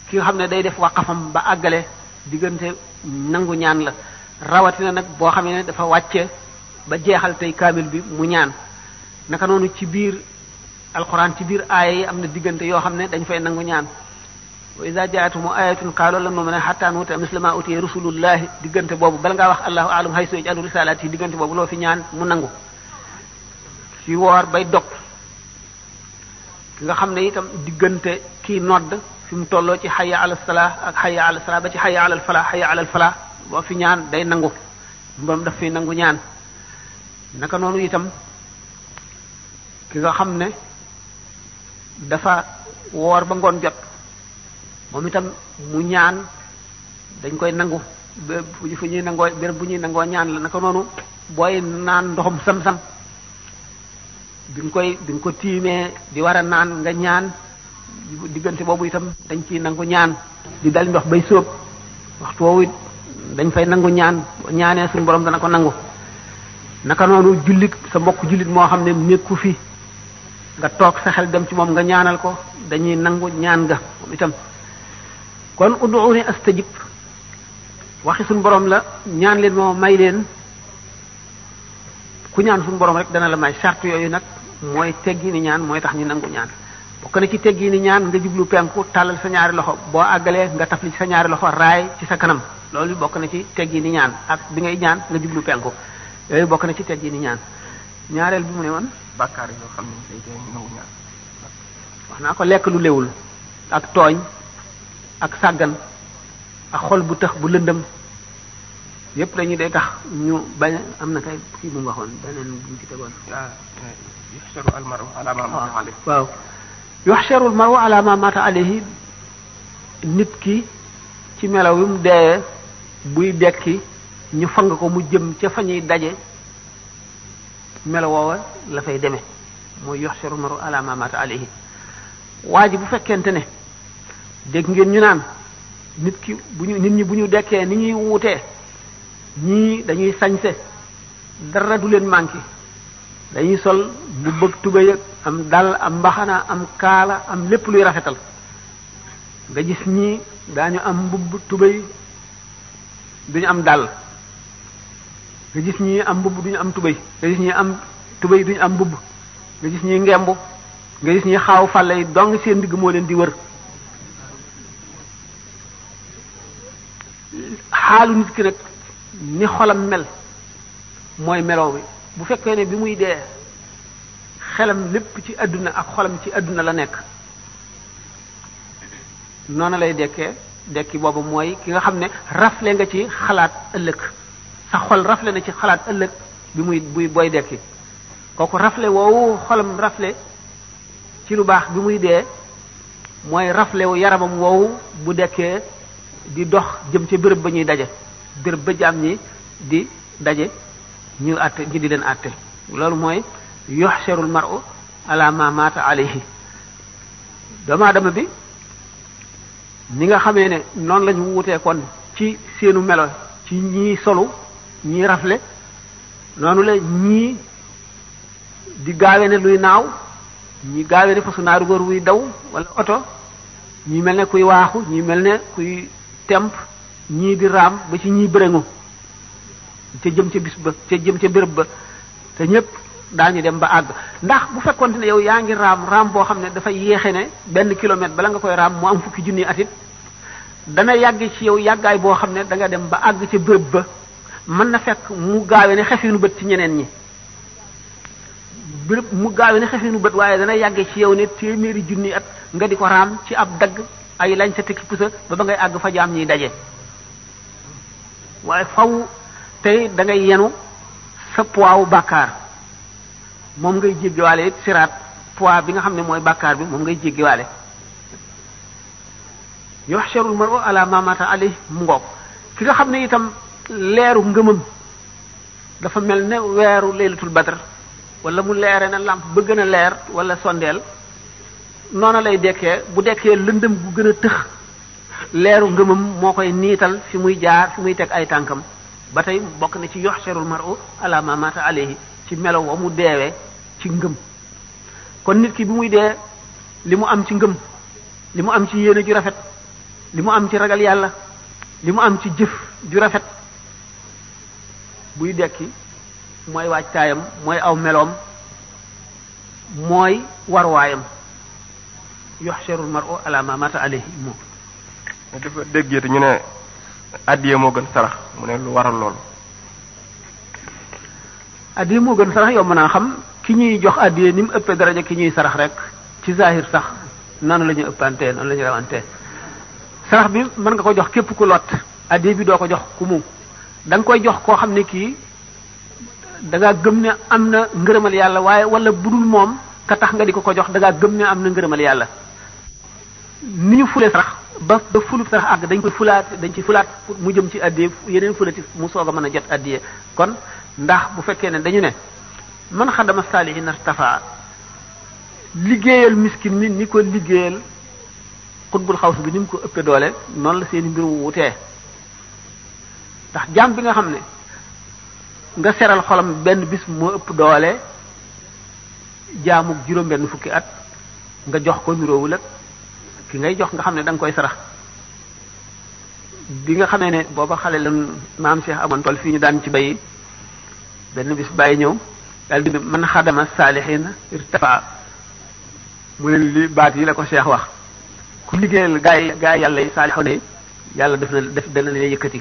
ki xam ne day def waqafam ba àggale diggante nangu ñaan la rawatina nag boo xam ne dafa wàcce ba jeexal tey kaamil bi mu ñaan naka noonu ci biir alquran ci biir aaya yi am na diggante yoo xam ne dañ fay nangu ñaan wa ida jaatumu ayatun qaalu lan nu'mina hatta nuuta misla ma utiya rusulullahi diggante boobu bala ngaa wax allahu alam haysu yaj'alu risalaati yi diggante boobu loo fi ñaan mu nangu ci woor bay dog nga xam ne itam diggante kii nodd fi mu tolloo ci hayya ala salaa ak hayya ala salaa ci hayya ala falaa hayya ala boo fi ñaan day nangu mboom daf fi nangu ñaan naka noonu itam ki nga xam ne dafa woor ba ngoon jot moom itam mu ñaan dañ koy nangu fu ñuy nangoo béréb bu ñuy nangoo ñaan la naka noonu booy naan ndoxum sam-sam bi nga koy bi nga ko tiimee di war a naan nga ñaan diggante boobu itam dañ ciy nangu ñaan di dal ndox bay sóob waxtu woowu dañ fay nangu ñaan ñaanee suñu borom dana ko nangu naka noonu jullit sa mbokk jullit moo xam ne nekku fi nga toog sa xel dem ci moom nga ñaanal ko dañuy nangu ñaan nga moom itam kon ud'uuni astajib waxi suñ borom la ñaan leen moo may leen ku ñaan suñu borom rek dana la may charte yooyu nag mooy teggi ni ñaan mooy tax ñu nangu ñaan bokk na ci teggi ni ñaan nga jublu penku tàllal sa ñaari loxo boo àggalee nga tafli ci sa ñaari loxo raay ci sa kanam loolu bokk na ci teggi ni ñaan ak bi ngay ñaan nga jublu penku yooyu bokk na ci teggi ni ñaan ñaareel bi bàkkaar yoo naa ko lekk lu léwul ak tooñ ak sàggan ak xol bu tax bu lëndëm yépp dañuy de tax ñu bañ am na kay kii bu mu waxoon beneen bu mu ci tegoon ah, eh, yuxsaru nit ki ci melaw mu deeyee buy dekki ñu fang ko mu jëm ca fa ñuy daje melo woowa la fay demee mooy yox maru ala ma mata alayhi waa ji bu fekkente ne dégg ngeen ñu naan nit ki bu nit ñi bu ñu dekkee ni ñuy wutee ñii dañuy sañse dara du leen manqué dañuy sol bu bëgg tubéy am dal am mbaxana am kaala am lépp luy rafetal nga gis ñii daañu am mbubb tubéy duñu am dal nga gis ñi am mbubb duñu am tubéy nga gis ñi am tubéy duñu am mbubb nga gis ñi ngemb nga gis ñi xaaw fàlle yi dong seen ndigg moo leen di wër xaalu nit ki nag ni xolam mel mooy meloo bi bu fekkee ne bi muy dee xelam lépp ci àdduna ak xolam ci àdduna la nekk noona lay dekkee dekki boobu mooy ki nga xam ne rafle nga ci xalaat ëllëg sa xol rafle na ci xalaat ëllëg bi muy booy dekki kooku rafle woowu xolam rafle ci lu baax bi muy dee mooy rafle wu yaramam woowu bu dekkee di dox jëm ci bërëb ba ñuy daje bërëb ba jaam ñi di daje ñu àtte ñi di leen àtte loolu mooy yuhsharul mar'u ala ma mata alayhi doomu aadama bi ni nga xamee ne noonu lañu wutee kon ci seenu melo ci ñi solu ñii rafle noonu la ñii di gaawe ne luy naaw ñii gaawe ne fasu naaru góor wuy daw wala oto ñii mel ne kuy waaxu ñii mel ne kuy temp ñii di raam ba ci ñii bërëngu ca jëm ca bis ba ca jëm ca béréb ba te ñépp daañu dem ba àgg ndax bu fekkonte ne yow yaa ngi raam raam boo xam ne dafa yéexe ne benn kilomètre bala nga koy raam mu am fukki junni atit dana yàgg ci yow yàggaay boo xam ne danga dem ba àgg ca béréb ba mën na fekk mu gaawe ne xefinu bët ci ñeneen ñi béréb mu gaawe ne xefinu bët waaye dana yàgge ci yow ne téeméeri junni at nga di ko raam ci ab dagg ay lañ sa tekki pusa ba ba ngay àgg fa jaam ñiy daje waaye faw tey da yenu sa poids bàkkaar moom ngay jéggiwaale it siraat poids bi nga xam ne mooy bàkkaar bi moom ngay jéggiwaale yoxsharul mar'u ala ma mata alayhi mu ngoog ki nga xam ne itam leeru ngëmam dafa mel ne weeru laylatul badr wala mu leere na làmp ba gën a leer wala sondeel noona lay dekkee bu dekkee lëndëm bu gën a tëx leeru ngëmam moo koy niital fi muy jaar fi muy teg ay tànkam ba tey bokk na ci yoxsharul mar'u ala ma mata alayhi ci melo wa mu deewee ci ngëm kon nit ki bi muy dee li mu am ci ngëm li mu am ci yéene ju rafet li mu am ci ragal yàlla li mu am ci jëf ju rafet buy dekki mooy waajtaayam mooy aw meloom mooy warwaayam yuhsharul mar'u ala ma mata alayhi moom dafa déggee te ñu ne addiye moo gën sarax mu ne lu waral loolu addiye moo gën sarax yomb naa xam ki ñuy jox addiye ni mu ëppee daraja ki ñuy sarax rek ci zahir sax noonu lañu ñuy ëppantee noonu la ñuy sarax bi mën nga ko jox képp ku lot addiye bi doo ko jox ku mu danga koy jox koo xam ne kii da gëm ne am na ngërëmal yàlla waaye wala budul moom ka tax nga di ko ko jox da gëm ne am na ngërëmal yàlla ni ñu fule sarax ba ba fulub sarax àgg dañ koy fulaat dañ ci fulaat mu jëm ci addiye yeneen fulati mu soog a mën a jot addiye kon ndax bu fekkee ne dañu ne man xadama saalihiina tafa liggéeyal miskin mi ni ko liggéeyal xutbul xaws bi ni mu ko ëppee doole noonu la seen i mbir wutee ndax jaam bi nga xam ne nga seral xolam benn bis moo ëpp doole jaamu juróom-benn fukki at nga jox ko niroowul ak ki ngay jox nga xam ne danga koy sarax bi nga xamee ne booba xale la maam Cheikh amoon tool fii ñu daan ci bay benn bis bàyyi ñëw daal di man xadama saalihiina irtafa mu ne li baat yi la ko Cheikh wax ku liggéeyal gaa yi gaa yi yàlla yi saalixoon yàlla def na def dana leen yëkkati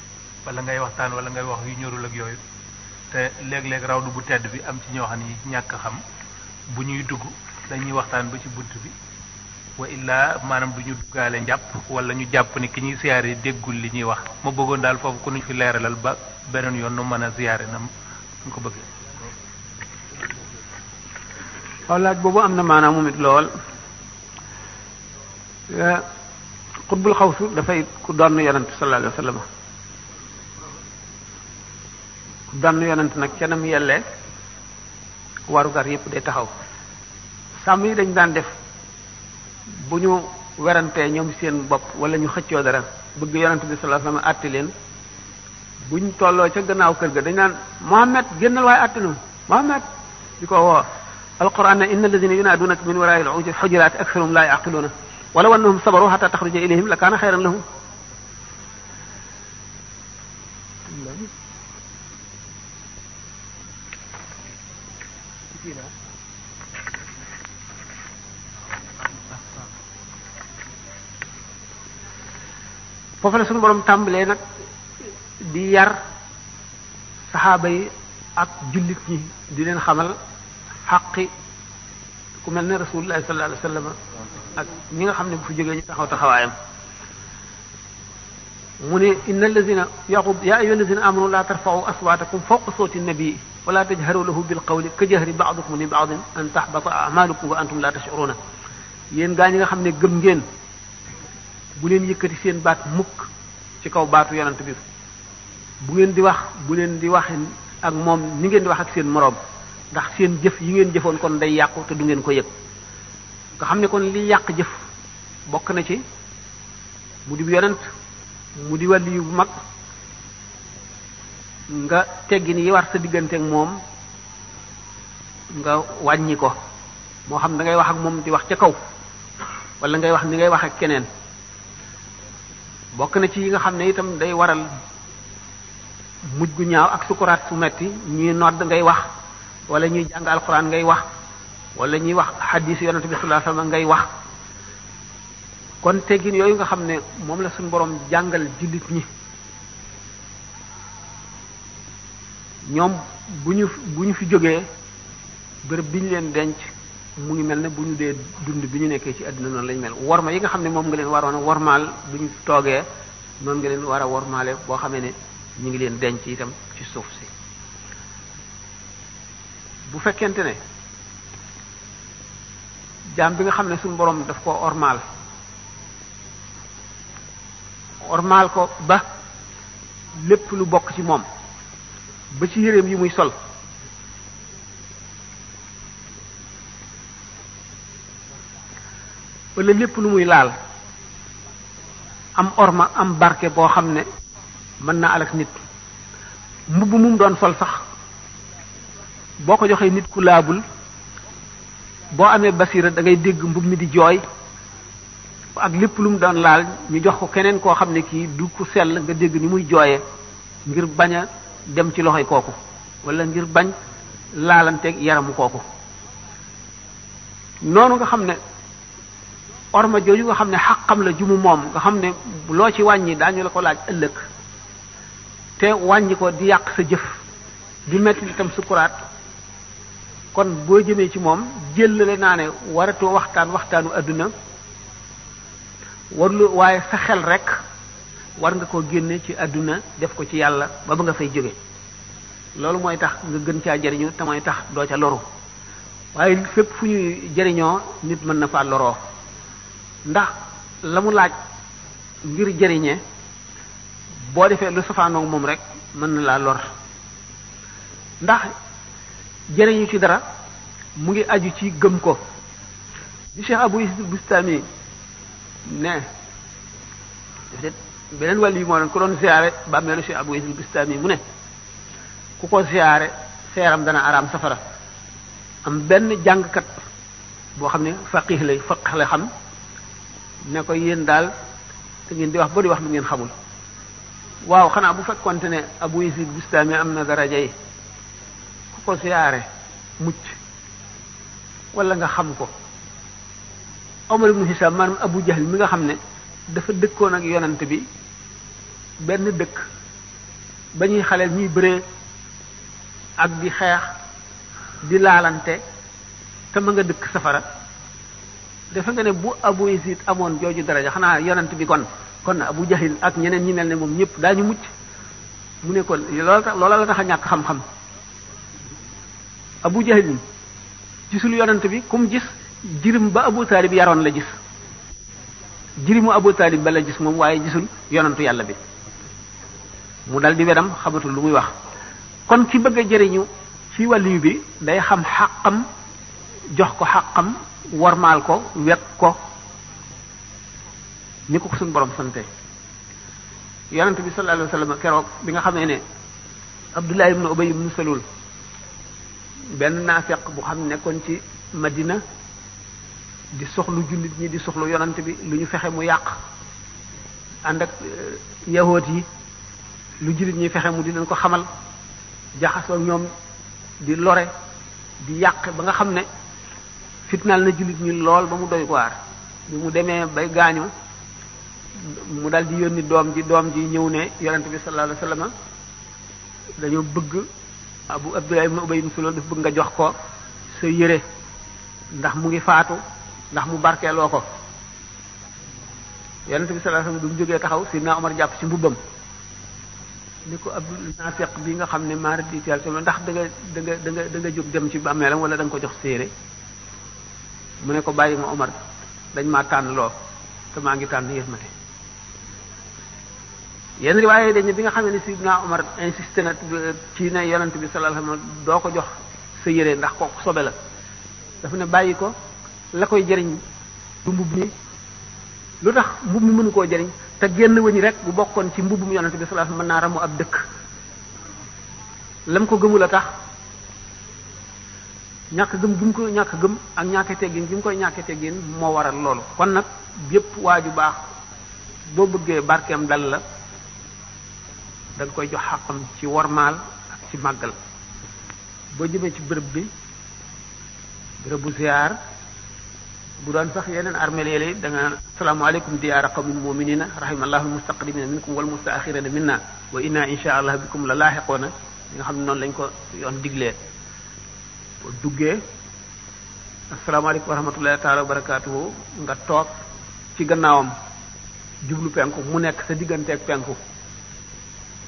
wala ngay waxtaan wala ngay wax yu ñorul ak yooyu te léeg-léeg rawdu bu tedd bi am ci ñoo xam ni ñàkk xam bu ñuy dugg dañuy waxtaan ba ci bunt bi wa illaa maanaam du ñu duggaale njàpp wala ñu jàpp ni ki ñuy siyaare déggul li ñuy wax ma bëggoon daal foofu ku ñu fi leeralal ba beneen yoon nu mën a siyaare na ñu ko bëggee waaw laaj boobu am na maanaam moom it lool xutbul eh, xawsu dafay ku doon yonent sallallahu alayhi ku donn yonent nag canam yellee warugar yépp day taxaw sàmm yi dañ daan def bu ñu werantee ñoom seen bopp wala ñu xëccoo dara bëgg yonent bi sallallahu alayhi wasallam àtti leen bu buñ tolloo ca gannaaw kër ga dañ naan Muhammad génnal waaye àtti nu Muhammad di ko woo alquran ne inna alladina yunaadunaka min waraa'il hujuraati aktharuhum laa yaqiluuna walaw annahum sabaru hatta taxruja ilayhim la kaana xayran lahum foofu la suñu borom tàmbalee nag di yar saxaaba yi ak jullit ñi di leen xamal xaqi ku mel ne rasulullah sallallahu alayhi wa sallam ak ñi nga xam ne bu fi jógee ñu taxaw taxawaayam mu ne inna allazina yaqub ya ayyuha allazina amanu la tarfa'u aswatakum fawqa sawti nabi wala tajharu lahu bil qawli ka jahri ba'dikum li ba'din an tahbata a'malukum wa antum la tash'uruna yéen gaa ñi nga xam ne gëm ngeen bu leen yëkkati seen baat mukk ci kaw baatu yonent bi bu ngeen di wax bu leen di wax ak moom ni ngeen di wax ak seen moroom ndax seen jëf yi ngeen jëfoon kon day yàqu te du ngeen ko yëg nga xam ne kon li yàq jëf bokk na ci mu di yonent mu di wàlli yu bu mag nga teggin yi war sa diggante ak moom nga wàññi ko moo xam da ngay wax ak moom di wax ca kaw walla ngay wax ni ngay wax ak keneen bokk na ci yi nga xam ne itam day waral mujj gu ñaaw ak sukuraat su metti ñuy nodd ngay wax wala ñuy jàng alquran ngay wax wala ñuy wax xadiis yonente bi sallallahu ngay wax kon teggin yooyu nga xam ne moom la suñu borom jàngal jullit ñi ñoom bu ñu bu ñu fi jógee bërëb bi ñu leen denc mu ngi mel ne bu ñu dee dund bi ñu nekkee ci àdduna noonu lañ mel worma yi nga xam ne moom nga leen waroon a wormaal bu ñu toogee noonu nga leen war a wormaale boo xamee ne ñu ngi leen denc itam ci suuf si bu fekkente ne jaam bi nga xam ne suñ borom daf ko ormal ormaal ko ba lépp lu bokk ci moom ba ci yéreem yi muy sol wala lépp lu muy laal am orma am barke boo xam ne mën naa alak nit mbubb mum doon sol sax boo ko joxee nit ku laabul boo amee basira dangay dégg mbubb mi di jooy ak lépp lu mu doon laal ñu jox ko keneen koo xam ne kii du ku sell nga dégg ni muy jooye ngir bañ a dem ci loxoy kooku wala ngir bañ laalanteeg yaramu kooku noonu nga xam ne orma jooju nga xam ne xaqam la jumu moom nga xam ne loo ci wàññi daañu la ko laaj ëllëg te wàññi ko di yàq sa jëf di metti itam sukuraat kon boo jëmee ci moom jëllale naa ne waratoo waxtaan waxtaanu àdduna warlu waaye sa xel rek war nga ko génne ci àdduna def ko ci yàlla ba ba nga fay jóge loolu mooy tax nga gën caa jariñu te mooy tax doo ca loru waaye fépp fu ñuy jariñoo nit mën na faa loroo ndax la mu laaj ngir jëriñee boo defee lu safaanoog moom rek mën na laa lor ndax jëriñu ci dara mu ngi aju ci gëm ko bi Cheikh Abu Yusuf Bustami ne beneen wàll yi moo doon ku doon siyaare bàmmeelu Cheikh Abu Yusuf Bustami mu ne ku ko siyaare seeram dana araam safara am benn jàngkat boo xam ne faqih lay xam ne ko yéen daal te ngeen di wax ba di wax lu ngeen xamul waaw xanaa bu fekkonte ne Abu Yazid Bustami am na daraja yi ku ko siyaare mucc wala nga xam ko Omar ibnu Hisam maanaam Abu Jahl mi nga xam ne dafa dëkkoon ak yonant bi benn dëkk ba ñuy xaleel ñuy bëree ak di xeex di laalante te ma nga dëkk safara defe nga ne bu Abu Yazid amoon jooju daraja xanaa yonent bi kon kon Abu Jahil ak ñeneen ñi mel ne moom ñëpp daañu mucc mu ne kon loola la tax ñàkk xam-xam Abu Jahil ni gisul yonent bi kum gis jirim ba Abu Taalib yaroon la gis jirimu Abu Taalib ba la gis moom waaye gisul yonantu yàlla bi mu dal di wedam xamatul lu muy wax kon ki bëgg a jëriñu ci wàllu bi day xam xàqam jox ko xàqam wormaal ko wekk ko ni ko ko suñu borom sante yonent bi sallallahu alayhi keroog bi nga xamee ne Abdullah ibn Ubay ibn Salul benn naafeq bu xam nekkoon ci Madina di soxlu jullit ñi di soxlu yonent bi lu ñu fexe mu yàq ànd ak euh, yahoot yi lu jullit ñi fexe mu di leen ko xamal jaxasoo ñoom di lore di yàq ba nga xam ne fitnaal na jullit ñi lool ba mu doy waar bi mu demee bay gaañu mu dal di yónni doom ji doom ji ñëw ne yonent bi sallallahu alayhi wasallam dañoo bëgg abu abdullah ibn ubay ibn sulul daf bëgg nga jox ko sa yére ndax mu ngi faatu ndax mu barkeeloo ko yonent bi sallallahu alayhi wasallam du mu jógee taxaw si sidna omar jàpp ci mbubbam ni ko abdul naafiq bi nga xam ne maari di teel sama ndax da nga da jóg dem ci bàmmeelam wala da ko jox séere mu ne ko bàyyi ma Omar dañ maa tànn loo te maa ngi tànn yërmande yenn riwaay yi dañ bi nga xamee ne Sidna Omar insisté na ci ne yonent bi sallallahu alayhi wasallam doo ko jox sa yére ndax ko sobe la dafa ne bàyyi ko la koy jëriñ du mbubb mi lu tax mbubb mi mënu koo jariñ te génn wëñ rek bu bokkoon ci mbubbum yonent bi sallallahu alayhi wasallam mën naa ramu ab dëkk lam ko gëmul a tax ñàkk gëm gi mu ko ñàkk gëm ak ñàkk teggin gi mu koy ñàkk teggin moo waral loolu kon nag bépp waa ju baax boo bëggee barkeem dal la danga koy jox xàqam ci wormaal ak ci màggal boo jëmee ci bërëb bi bërëb bu ziar bu doon sax yeneen armeel yéle da nga asalaamaaleykum diyaara qawmin muminina rahimallahu almustaqdimina minkum wal mustaaxirina minna wa inna insha allah bikum la laaxiqoona li nga xam ne noonu lañ ko yoon diglee boo duggee asalaamaaleykum wa rahmatullahi taala wa nga toog ci gannaawam jublu penku mu nekk sa diggante ak penku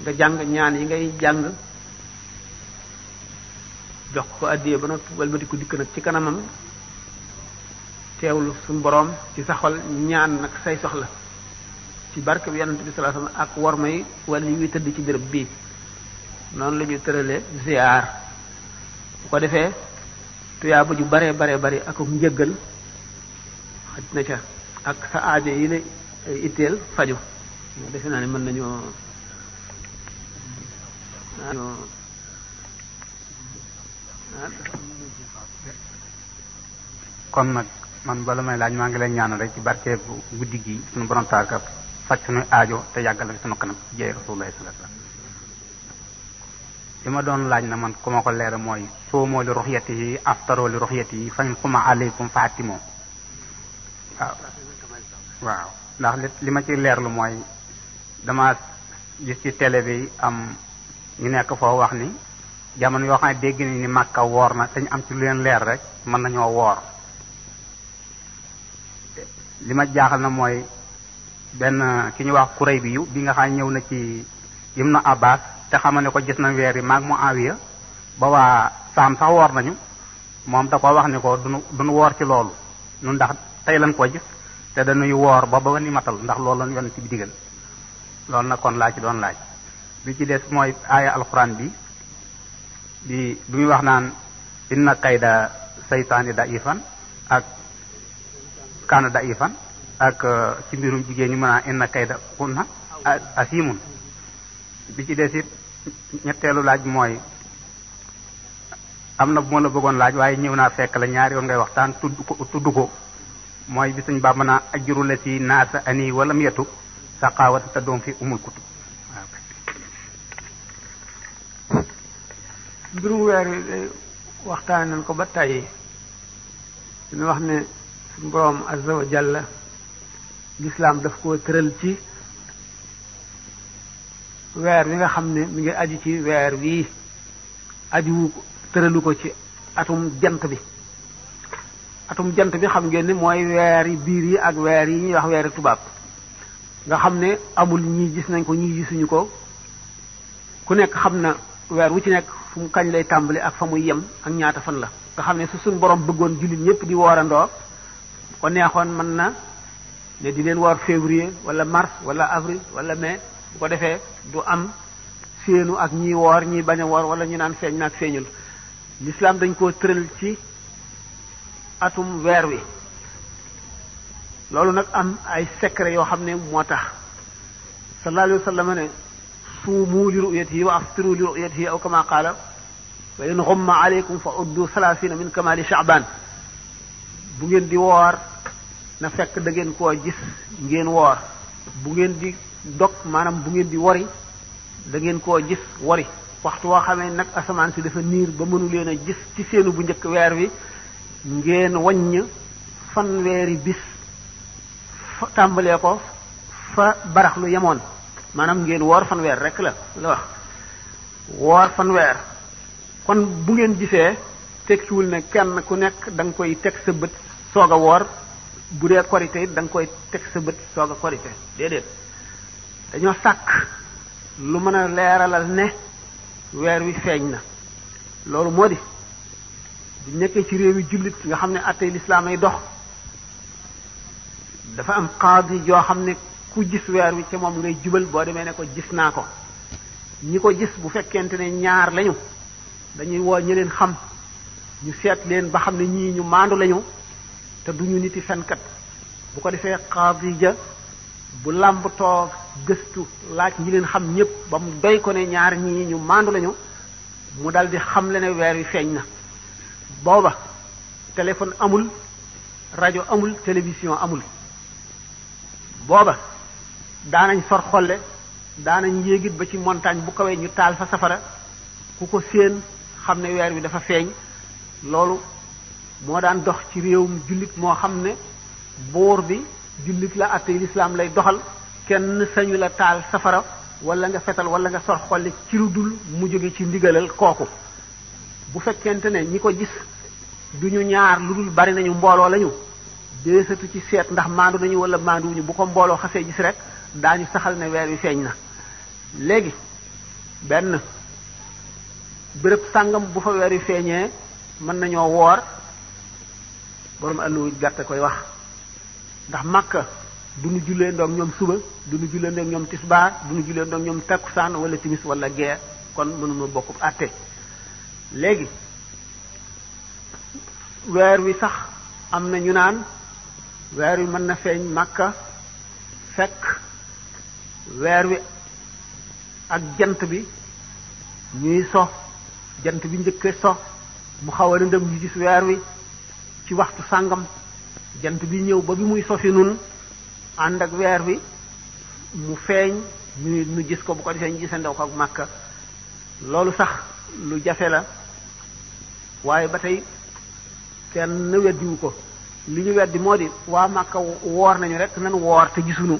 nga jàng ñaan yi ngay jàng jox ko addiyee ba noppi walbatiku dikk ci kanamam teewlu suñu boroom ci sa xol nag say soxla ci barke bi yonent ak war may tëdd ci béréb bii noonu la ñuy tëralee ziar bu ko defee tuyaaba ju bare bare bari ak njëggal xaj na ca ak sa aajo yi la itteel faju defe naa mën nañoo kon nag man bala may laaj maa ngi leen ñaanal rek ci barke bu guddi gi suñu borom taal ka faj suñu aajo te yàggal na sunu kanam jeey rasulullahi sallallahu alayhi wasallam li ma doon laaj na man ku ma ko leera mooy soomoo yi ruxyatihi aftaroo yi ruxyatihi fañ xuma aleykum faatimoo waaw waaw ndax li ma ci leerlu mooy dama gis ci télé bi am ñu nekk foo wax ni jamono yoo xam ne dégg nañ ni Màkka woor na dañu am ci lu leen leer rek mën nañoo woor li ma jaaxal na mooy benn ki ñu wax kuréy bi yu bi nga xam ñëw na ci na Abbas te xamal ne ko gis na weer yi maag mu aawiya ba waa saam sax woor nañu moom da ko wax ni ko duñu nu woor ci loolu nun ndax tey lañ ko gis te dañuy woor ba ba ni matal ndax loolu lañ yonent bi digal loolu nag kon laa ci doon laaj bi ci des mooy aaya alquran bi bi bi muy wax naan inna kayda saytaani da ifan ak kaana i ifan ak uh, ci mbirum jigéen ñu mën a inna kayda kunna asimun bi ci des it ñetteelu laaj mooy am na bu ma la bëggoon laaj waaye ñëw naa fekk la ñaari yoon ngay waxtaan tudd ko tudd ko mooy bi suñ bàmba naa ajuru la si naasa ani wala mu yetu sa xaawata te doom fi umul kutub waaw weer waxtaan nañ ko ba tàyyi suñu wax ne suñu boroom azza wa jalla lislaam daf koo tëral ci weer wi nga xam ne mi ngi aju ci weer wii aju tëralu ko ci atum jant bi atum jant bi xam ngeen ni mooy weer yi biir yi ak weer yi ñuy wax weeri tubaab nga xam ne amul ñii gis nañ ko ñii gisuñu ko ku nekk xam na weer wu ci nekk fu mu kañ lay tàmbali ak fa muy yem ak ñaata fan la nga xam ne su suñ borom bëggoon jullit ñëpp di woorandoo ko neexoon mën na ne di leen woor février wala mars wala avril walla mai bu ko defee du am séenu ak ñiy woor ñii bañ a woor wala ñu naan feeñ na ak feeñul l'islam dañ koo tëral ci atum weer wi loolu nag am ay secret yoo xam ne moo tax sallallahu alayhi wa sallam ne suumu li ru'yatihi wa aftiru li ru'yatihi aw kama qaala wa in ghumma alaykum fa uddu min kamali sha'ban bu ngeen di woor na fekk da ngeen koo gis ngeen woor bu ngeen di dog maanaam bu ngeen di wari da ngeen koo gis wari waxtu woo xamee nag asamaan si dafa niir ba mënu gis ci seenu bu njëkk weer wi ngeen wàññ fanweeri bis fa tàmbalee ko fa barax lu yemoon maanaam ngeen woor fanweer rek la la wax woor fanweer kon bu ngeen gisee tekkiwul ne kenn ku nekk da nga koy teg sa bët soog a woor bu dee korite danga koy teg sa bët soog a korite déedéet dañoo sàkk lu mën a leeralal ne weer wi feeñ na loolu moo di bu nekkee ci réew yi jullit nga xam ne àttee lislaam ay dox dafa am qaadi joo xam ne ku gis weer wi ca moom ngay jubal boo demee ne ko gis naa ko ñi ko gis bu fekkente ne ñaar lañu dañuy woo ñi leen xam ñu seet leen ba xam ne ñii ñu maandu lañu te duñu niti seenkat bu ko defee qaadi ja bu làmb toog gëstu laaj ñi leen xam ñëpp ba mu doy ko ne ñaar ñii ñu maandu lañu mu dal di xam le ne weer wi feeñ na booba téléphone amul rajo amul télévision amul booba daanañ sor xolle daanañ yéegit ba ci montagne bu kawee ñu taal fa safara ku ko séen xam ne weer wi dafa feeñ loolu moo daan dox ci réewum jullit moo xam ne buur bi jullit la àttey lislaam lay doxal kenn sañu la taal safara wala nga fetal wala nga sor xolli ci lu dul mu jóge ci ndigalal kooku bu fekkente ne ñi ko gis du ñu ñaar lu dul bari nañu mbooloo lañu déesatu ci seet ndax maandu nañu wala maanduwuñu bu ko mbooloo xasee gis rek daañu saxal ne weer wi feeñ na léegi benn bërëb sàngam bu fa weer wi feeñee mën nañoo woor borom àlluwu gàtte koy wax ndax màkka du ñu jullee ñoom suba du ñu jullee ñoom tisbaar du ñu jullee ndoog ñoom takkusaan wala timis wala gee kon mënunoo bokkub àtte léegi weer wi sax am na ñu naan weer wi mën na feeñ màkka fekk weer wi ak jant bi ñuy so jant bi njëkke so mu xaw a ndëm ñu gis weer wi ci waxtu sàngam jant bi ñëw ba bi muy so fi nun ànd ak weer wi mu feeñ ñu nu gis ko bu ko defee ñu gisandoo ko ak Makka loolu sax lu jafe la waaye ba tey kenn weddiwu ko li ñu weddi moo di waa Makka woor nañu rek nan woor te gisuñu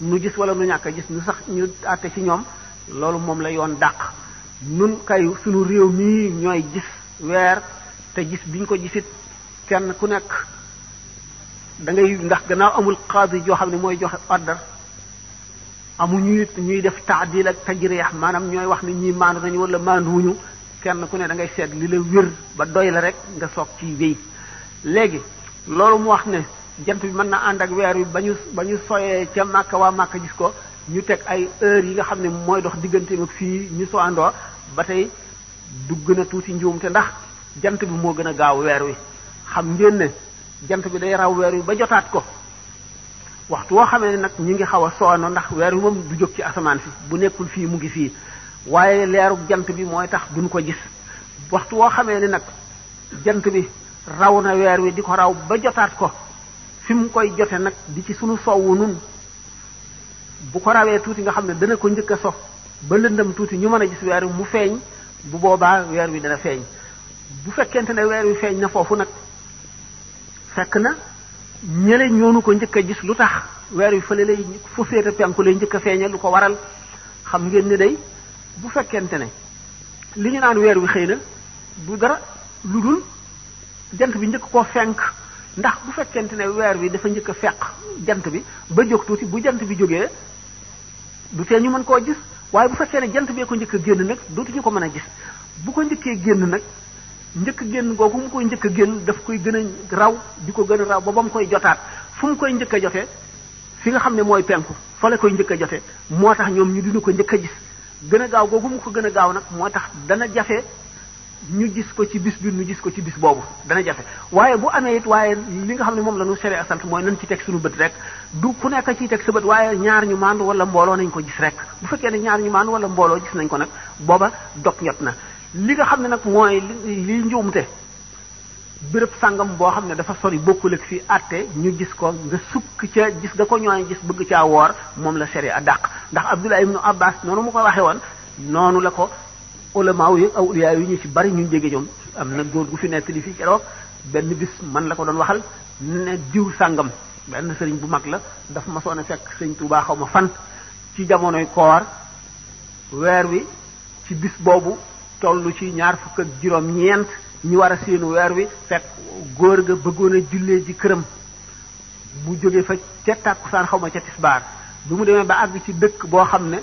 nu gis wala nu ñàkk a gis nu sax ñu àtte ci ñoom loolu moom la yoon dàq nun kay sunu réew mii ñooy gis weer te gis biñ ko gisit kenn ku nekk da ngay ndax gannaaw amul qaadi joo xam ne mooy joxe ordre amul ñuy ñuy def taadil ak tajriix maanaam ñooy wax ne ñii maandu nañu wala ñu kenn ku ne dangay seet li la wér ba doy la rek nga soog ci wéy léegi loolu mu wax ne jant bi mën na ànd ak weer wi ba ñu ba ñu soyee ca màkka waa màkka gis ko ñu teg ay heures yi nga xam ne mooy dox diggante ak fii ñu so àndoo ba tey dugg na tuuti njuum te ndax jant bi moo gën a gaaw weer wi xam ngeen ne jant bi day raw weer wi ba jotaat ko waxtu woo xamee ne nag ñu ngi xaw a soono ndax weer wi moom du jóg ci asamaan fi bu nekkul fii mu ngi fii waaye leeru jant bi mooy tax duñ ko gis waxtu woo xamee ni nag jant bi raw na weer wi di ko raw ba jotaat ko fi mu koy jote nag di ci sunu sowwu nun bu ko rawee tuuti nga xam ne dana ko njëkk a so ba lëndëm tuuti ñu mën a gis weer wi mu feeñ bu boobaa weer wi dana feeñ bu fekkente ne weer wi feeñ na foofu nag fekk na ñële ñoonu ko njëkk a gis lu tax weer wi fële lay fu féete penku lay njëkk a feeñal lu ko waral xam ngeen ni day bu fekkente ne li ñu naan weer wi xëy na du dara lu dul jant bi njëkk koo fenk ndax bu fekkente ne weer wi dafa njëkk a feq jant bi ba jóg tuuti bu jant bi jógee du tee ñu mën koo gis waaye bu fekkee ne jant bee ko njëkk a génn nag dootuñu ko mën a gis bu ko njëkkee génn nag njëkk génn googu mu koy njëkk génn daf koy gën a raw di ko gën a raw ba ba mu koy jotaat fu mu koy njëkk a jotee fi nga xam ne mooy penku fa la koy njëkk a jotee moo tax ñoom ñu dina ko njëkk a gis gën a gaaw googu ko gën a gaaw nag moo tax dana jafe ñu gis ko ci bis bi ñu jis ko ci bis boobu dana jafe waaye bu amee it waaye li nga xam ne moom la ñu seree a sant mooy nañ ci teg suñu bët rek du ku nekk ciy teg sa bët waaye ñaar ñu maandu wala mbooloo nañ ko jis rek bu fekkee ne ñaar ñu maandu wala mbooloo gis nañ ko nag booba dog ñot na li nga xam ne nag mooy li njuumte béréb sàngam boo xam ne dafa sori bokkul ak fii àtte ñu gis ko nga sukk ca gis nga ko ñooy gis bëgg caa woor moom la sariya dàq ndax Abdullah ibnu Abbas noonu mu ko waxee woon noonu la ko ulama yi aw awliya yi ñu ci bari ñu jege ñoom am na góor gu fi nekk li fii keroog benn bis man la ko doon waxal ne diw sàngam benn sëriñ bu mag la daf ma soon a fekk sëñ Tuubaa xaw ma fan ci jamonoy koor weer wi ci bis boobu toll ci ñaar fukk ak juróom-ñeent ñu war a seenu weer wi fekk góor ga bëggoon a jullee ji këram mu jóge fa ca tàkkusaan xaw ma ca tisbaar bi mu demee ba àgg ci dëkk boo xam ne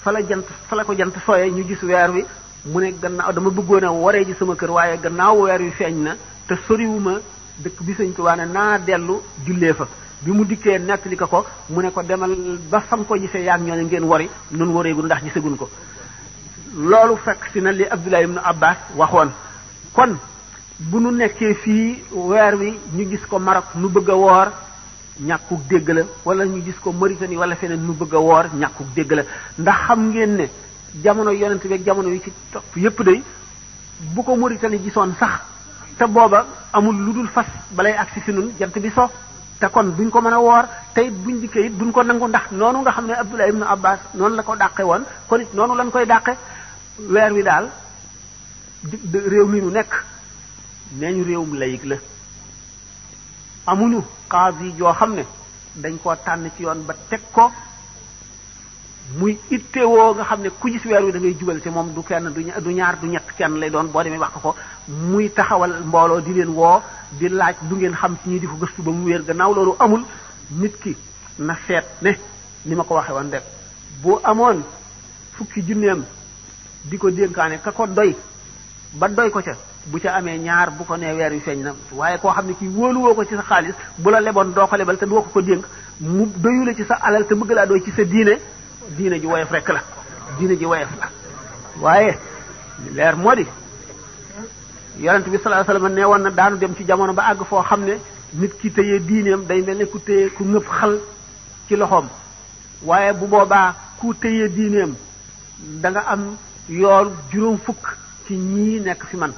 fa la jant fa la ko jant soye ñu gis weer wi mu ne gannaaw dama bëggoon a waree ji sama kër waaye gannaaw weer wi feeñ na te soriwuma dëkk bi sëñ Tuubaa ne naa dellu julle fa bi mu dikkee li ko ko mu ne ko demal ba fam ko gisee yaag ñooñu ngeen wari nun wareegul ndax gisaguñ ko loolu fekk si na li Abdullah ibn Abbas waxoon kon bu nu nekkee fii weer wi ñu gis ko Maroc nu bëgg a woor ñàkkuk dégg la wala ñu gis ko Mauritanie walla feneen nu bëgg a woor ñàkkuk dégg la ndax xam ngeen ne jamono yonent bi jamono yi ci topp yépp day bu ko Mauritanie gisoon sax te booba amul lu dul fas balay agsi fi nun jant bi so te kon duñ ko mën a woor tey buñ dikkee it duñ ko nangu ndax noonu nga xam ne Abdullah ibn Abbas noonu la ko dàqe woon kon it noonu lañ koy dàqe weer wi daal réew mi ñu nekk nee ñu réewum layig la amuñu xaas yi joo xam ne dañ koo tànn ci yoon ba teg ko muy ittewoo nga xam ne ku gis weer wi da ngay jubal ci moom du kenn du ñaar du ñett kenn lay doon boo demee wax ko ko muy taxawal mbooloo di leen woo di laaj du ngeen xam ci ñi di ko gëstu ba mu wéer gannaaw loolu amul nit ki na seet ne ni ma ko waxee woon rek boo amoon fukki junneem di ko dénkaane ka ko doy ba doy ko ca bu ca amee ñaar bu ko nee weer yu feeñ na waaye koo xam ne kii wóoluwoo ko ci sa xaalis bu la leboon doo ko lebal te doo ko ko dénk mu doyu ci sa alal te bëgg laa doy ci sa diine diine ji woyof rekk la diine ji woyof la waaye leer moo di yonent bi sallallahu alayhi wasallam nee woon na di dem ci jamono ba àgg foo xam ne nit ki téye diineem day mel ne ku téye ku ngëpp xal ci loxoom waaye bu boobaa ku téye diineem da yoolu juróom fukk ci ñii nekk fi man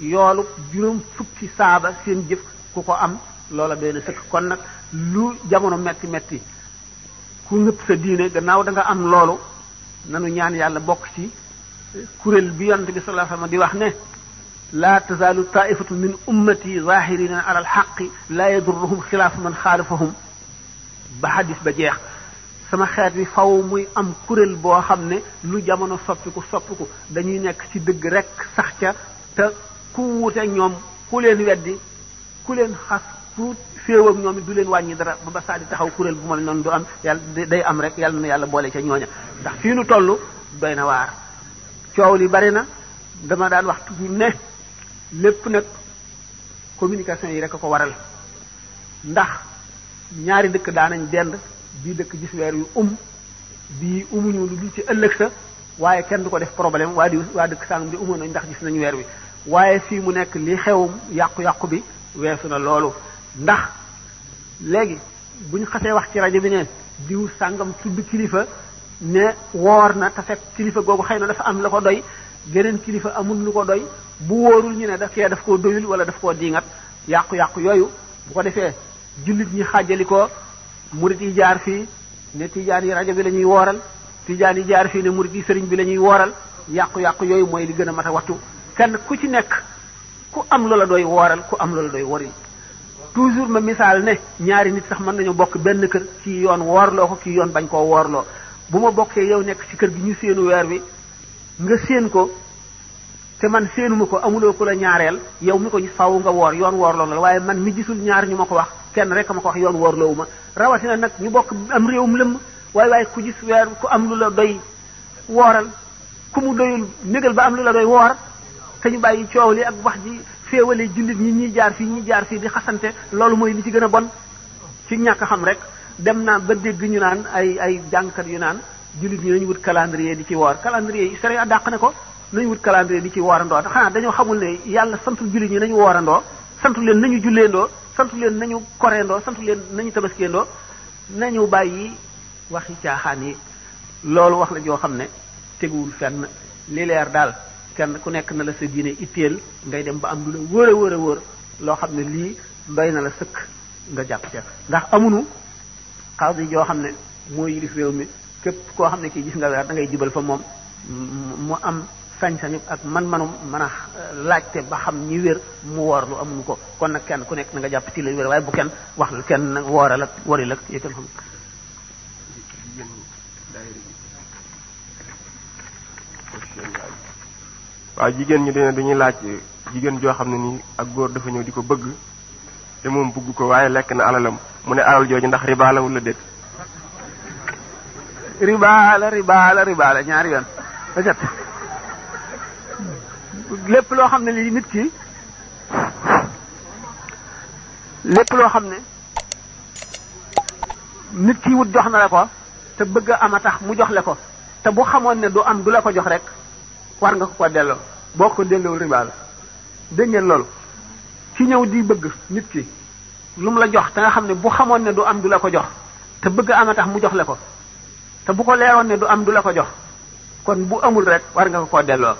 yoolu juróom fukki saaba seen jëf ku ko am loola doy na sëkk kon nag lu jamono metti metti ku nëpp sa diine gannaaw da am loolu nanu ñaan yàlla bokk ci kuréel bi yonent bi sallallahu alayhi wasallam di wax ne laa tazaalu taifatu min ummati zahirina ala alxaqi laa yadurruhum xilaafu man xaalifahum ba xadis ba jeex sama xeet wi faw muy am kuréel boo xam ne lu jamono soppiku soppiku dañuy nekk ci dëgg rek sax ca te ku wuute ñoom ku leen weddi ku leen xas ku féew ak ñoom du leen wàññi dara ba ba taxaw kuréel bu mel noonu du am yàlla day am rek yàlla na yàlla boole ca ñooña ndax fii nu toll doy na waar coow li bari na dama daan wax toujours ne lépp nag communication yi rek a ko waral ndax ñaari dëkk daanañ dend bii dëkk gis weer yu um bii umuñu lu dul ci ëllëg sa waaye kenn du ko def problème waa di waa dëkk sàngam di umoon nañ ndax gis nañu weer wi waaye fii mu nekk li xew yàqu-yàqu bi weesu na loolu ndax léegi bu ñu xasee wax ci rajo bi ne diw sàngam tudd kilifa ne woor na te fekk kilifa googu xëy na dafa am la ko doy geneen kilifa amul lu ko doy bu wóorul ñu ne daf kee daf koo doyul wala daf koo diingat yàqu-yàqu yooyu bu ko defee jullit ñi xaajalikoo murit yi jaar fii ne tijaan yi rajo bi la ñuy wooral tijaan yi jaar fii ne murit yi sëriñ bi lañuy wooral yàqu-yàqu yooyu mooy li gën a mat a waxtu kenn ku ci nekk ku am loola doy wooral ku am loola doy waril toujours ma misaal ne ñaari nit sax mën nañu bokk benn kër ci yoon woorloo ko ci yoon bañ koo woorloo bu ma bokkee yow nekk ci kër gi ñu séenu weer wi nga séen ko te man séenuma ko amuloo ko la ñaareel yow mi ko ñu faaw nga woor yoon woorloo la waaye man mi gisul ñaar ñu ma ko wax kenn rek ma ko wax yoon wóorloowu ma rawatina nag ñu bokk am réewum lëmm waaye waaye ku gis weer ku am lu la doy wooral ku mu doyul négal ba am lu la doy woor te ñu bàyyi coow li ak wax ji féewale jullit ñi ñi jaar fii ñi jaar fii di xasante loolu mooy li ci gën a bon ci ñàkk xam rek dem naa ba dégg ñu naan ay ay jàngkat yu naan jullit ñi nañu wut calendrier di ci woor calendrier yi sere a dàq ne ko nañu wut calendrier di ci woorandoo xanaa dañoo xamul ne yàlla santul jullit ñi nañu woorandoo santu leen nañu julleendoo santu leen nañu koreendoo santu leen nañu tabaskiyendoo nañu bàyyi wax waxi caaxaan yi loolu wax la joo xam ne teguwul fenn li leer daal kenn ku nekk na la sa diine itteel ngay dem ba am lu la wóor a wóor a wóor loo xam ne lii doy na la sëkk nga jàpp ca ndax amunu xaadi joo xam ne mooy yilif réew mi képp koo xam ne kii gis nga weer dangay jibal fa moom mu am sañ-sañu ak man-manum mën a euh, laajte ba xam ñi wér mu woor lu amuñu ko kon nag kenn ku nekk na nga jàpp ci lay wér waaye bu kenn wax kenn wooral ak wari la ak yëkkal xam jigéen ñi dene dañuy laaj jigéen joo xam ne nii ak góor dafa ñëw di ko bëgg te moom bëgg ko waaye lekk na alalam mu ne alal jooju ndax riba la wala déet riba ñaari yoon lépp loo xam ne li nit ki lépp loo xam ne nit ki wut jox na la ko te bëgg am a tax mu jox la ko te bu xamoon ne du am du la ko jox rek war nga ko ko delloo boo ko delloo riba la dégg ngeen loolu ci ñëw di bëgg nit ki lu mu la jox te nga xam ne bu xamoon ne du am du la ko jox te bëgg a am a tax mu jox la ko te bu ko leeroon ne du am du la ko jox kon bu amul rek war nga ko ko delloo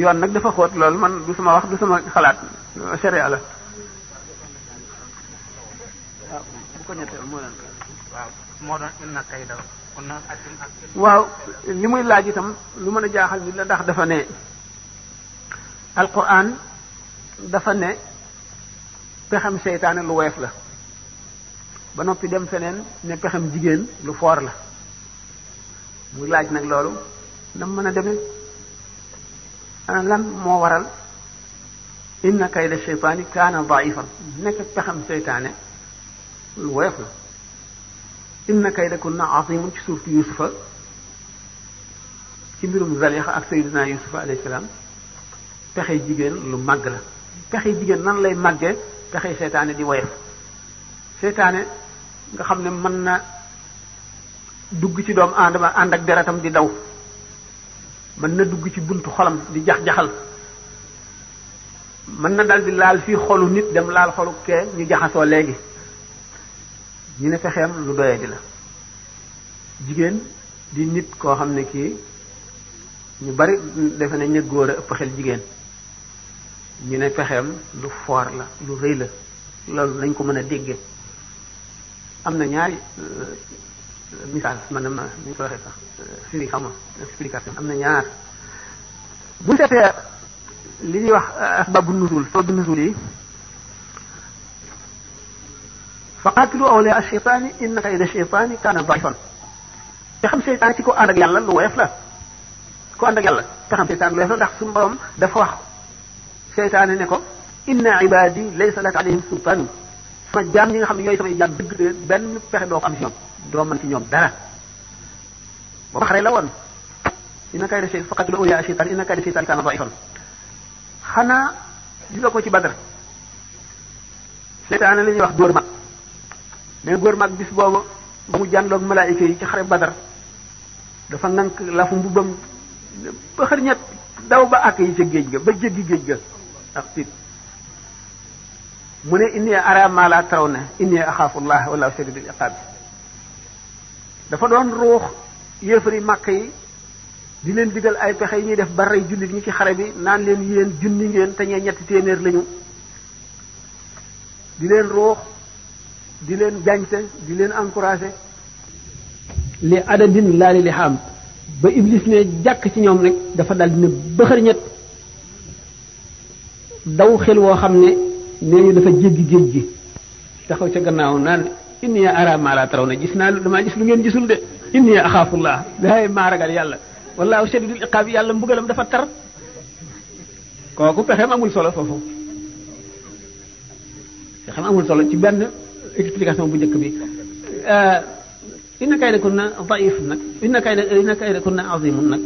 yoon nag dafa xóot loolu man du sama wax du sama xalaat sharia la waaw li muy laaj itam lu mën a jaaxal nit la ndax dafa ne alquran dafa ne pexem seytaane lu woyof la ba noppi dem feneen ne pexem jigéen lu foor la muy laaj nag loolu nam mën a demee lan moo waral inna kayda sheytaani kaana daifan nekk pexam seytaane lu woyof la inna kayda na azimun ci suurtu yusufa ci mbirum zalixa ak sayyidina yusufa alayhi salaam pexe jigéen lu màgg la pexe jigéen nan lay màggee pexe seytaane di woyof seytaane nga xam ne mën na dugg ci doomu aadama ànd ak deretam di daw mën na dugg ci buntu xolam di jax-jaxal mën na dal laal fii xolu nit dem laal xolu kee ñu jaxasoo léegi ñu ne fexeem lu doyee di la jigéen di nit koo xam ne kii ñu bari defe ne ña góor a ëpp xel jigéen ñu ne pexeem lu foor la lu rëy la loolu lañ ko mën a déggee am na ñaari misaal man na ma ni ñu ko waxee sax firi xaw ma explication am na ñaar bu seetee li ñuy wax euh, asbaabu nuzuul sababu nuzuul yi fa qaatilu awliyaa ash-shaytaani inna kayda shaytaani kaana da'ifan te xam seytaan ci ko ànd ak yàlla lu woyof la ko ànd ak yàlla te xam seytaan lu woyof la ndax suñu borom dafa wax seytaane ne ko inna ibaadi laysa laka alayhim sultaanun ma jaam ñi nga xam ne ñooy samay jaam dëgg de benn pexe doo ko am ci ñoom doo ci ñoom dara boobu xare la woon inna kayda shaytaan faqat la awliyaa shaytaan inna kayda shaytaan kaana daifan ko ci badar seytaane li wax góor mag mais góor mag bis boobu bamu mu jànloog malaayika yi ci xare badar dafa nank lafu mbubam ba xër daw ba àkk yi ca géej ga ba jéggi géej ga ak tiit mu ne inni ara ma taraw na inni axaafullah wala shadidul iqaab dafa doon ruux yéefari màkk yi di leen digal ay pexe yi ñuy def ba rey jullit ñi ci xare bi naan leen yéen junni ngeen te ñee ñetti téeméer lañu di leen ruux di leen jañte di leen encouragé li adadin laali li xam ba iblis ne jàkk ci ñoom rek dafa dal dina bëxër ñett daw xel woo xam ne nee ñu dafa jéggi géej gi taxaw ca gannaaw naan inni ara maa laa taraw na gis naa damaa gis lu ngeen gisul de inni axaafullah daay maa ragal yàlla wallaahu shadidul iqaab yàlla mbugalam dafa tar kooku pexem amul solo foofu pexem solo ci benn explication bu njëkk bi eh, inna kayda kunna daif nag inna kayda inna kayda kunna azimun nag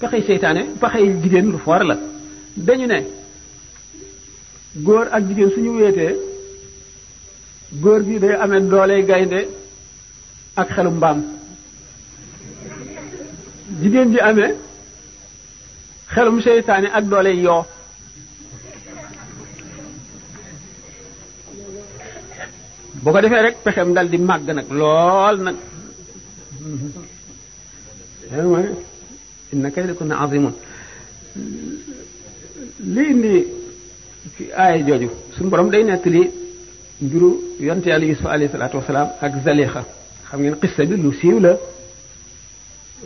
pexey seytaane pexey jigéen lu foor la dañu ne góor ak jigéen suñu wéetee góor gi day amee dooley gaynde ak xelu mbaam jigéen ji amee xelum seytaane ak dooley yoo boo ko defee rek pexem dal di màgg nag lool nag inna kaydakunna azimun lii indi ci aaya jooju suñ boroom day nettali mbiru yonte yàlla Yuusufa alayhi salaatu wasalaam ak Zalixa xam ngeen xissa bi lu siiw la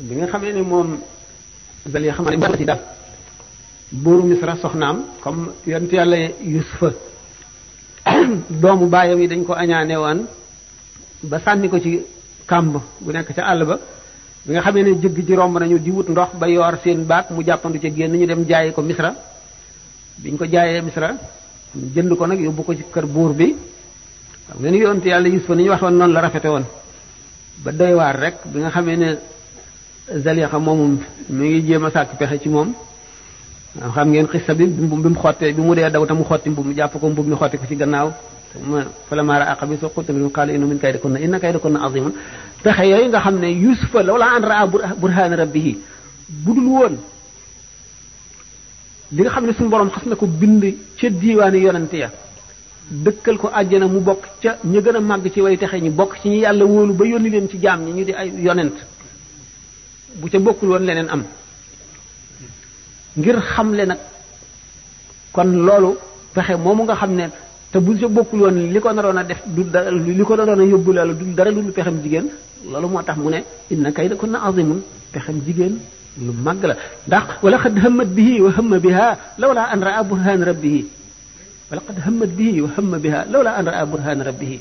bi nga xamee ni moom Zalixa ma ne si daal buuru Misra soxnaam comme yonte yàlla Yuusufa doomu baayam yi dañ ko añaane woon ba sànni ko ci kàmb bu nekk ca àll ba bi nga xamee ne jëgg ji romb nañu di wut ndox ba yoor seen baag mu jàppandu ca génn ñu dem jaayi ko Misra biñ ko jaayee misra jënd ko nag yóbbu ko ci kër buur bi xam ngeen yonent yàlla yusufa ni ñu waxoon noonu la rafete woon ba doy waar rek bi nga xamee ne zalixa moomu mi ngi jéem a sàkk pexe ci moom xam ngeen xissa bi bi mu xottee bi mu dee daw te mu xotti mbub mi jàpp ko mbub mi xotti ci gannaaw ma falammaa ra'aa qamiisahu qubata min qaala innahu min kaydikunna inna kaydakunna aziimun pexe yooyu xam ne yusufa lawlaa an raa burhaana rabbihi budul woon li nga xam ne su borom xas na ko bind ca diwaanu yonante ya dëkkal ko àjjana mu bokk ca ña gën a màgg ci way texe ñi bokk ci ñu yàlla wóolu ba yónni leen ci jaam ñi ñu di ay yonent bu ca bokkul woon leneen am ngir xam xamle nag kon loolu pexe moomu nga xam ne te bu ca bokkul woon li ko naroon a def du dara li ko naroon a yóbbu loolu du dara lu pexem jigéen loolu moo tax mu ne inna kayda kunna azimun pexem jigéen lu màgg la ndax wala xad hammat bihi wa hamma biha lawla an raa burhaan rabbihi wala xad hammat bihi wa hamma biha lawla an raa burhaan rabbihi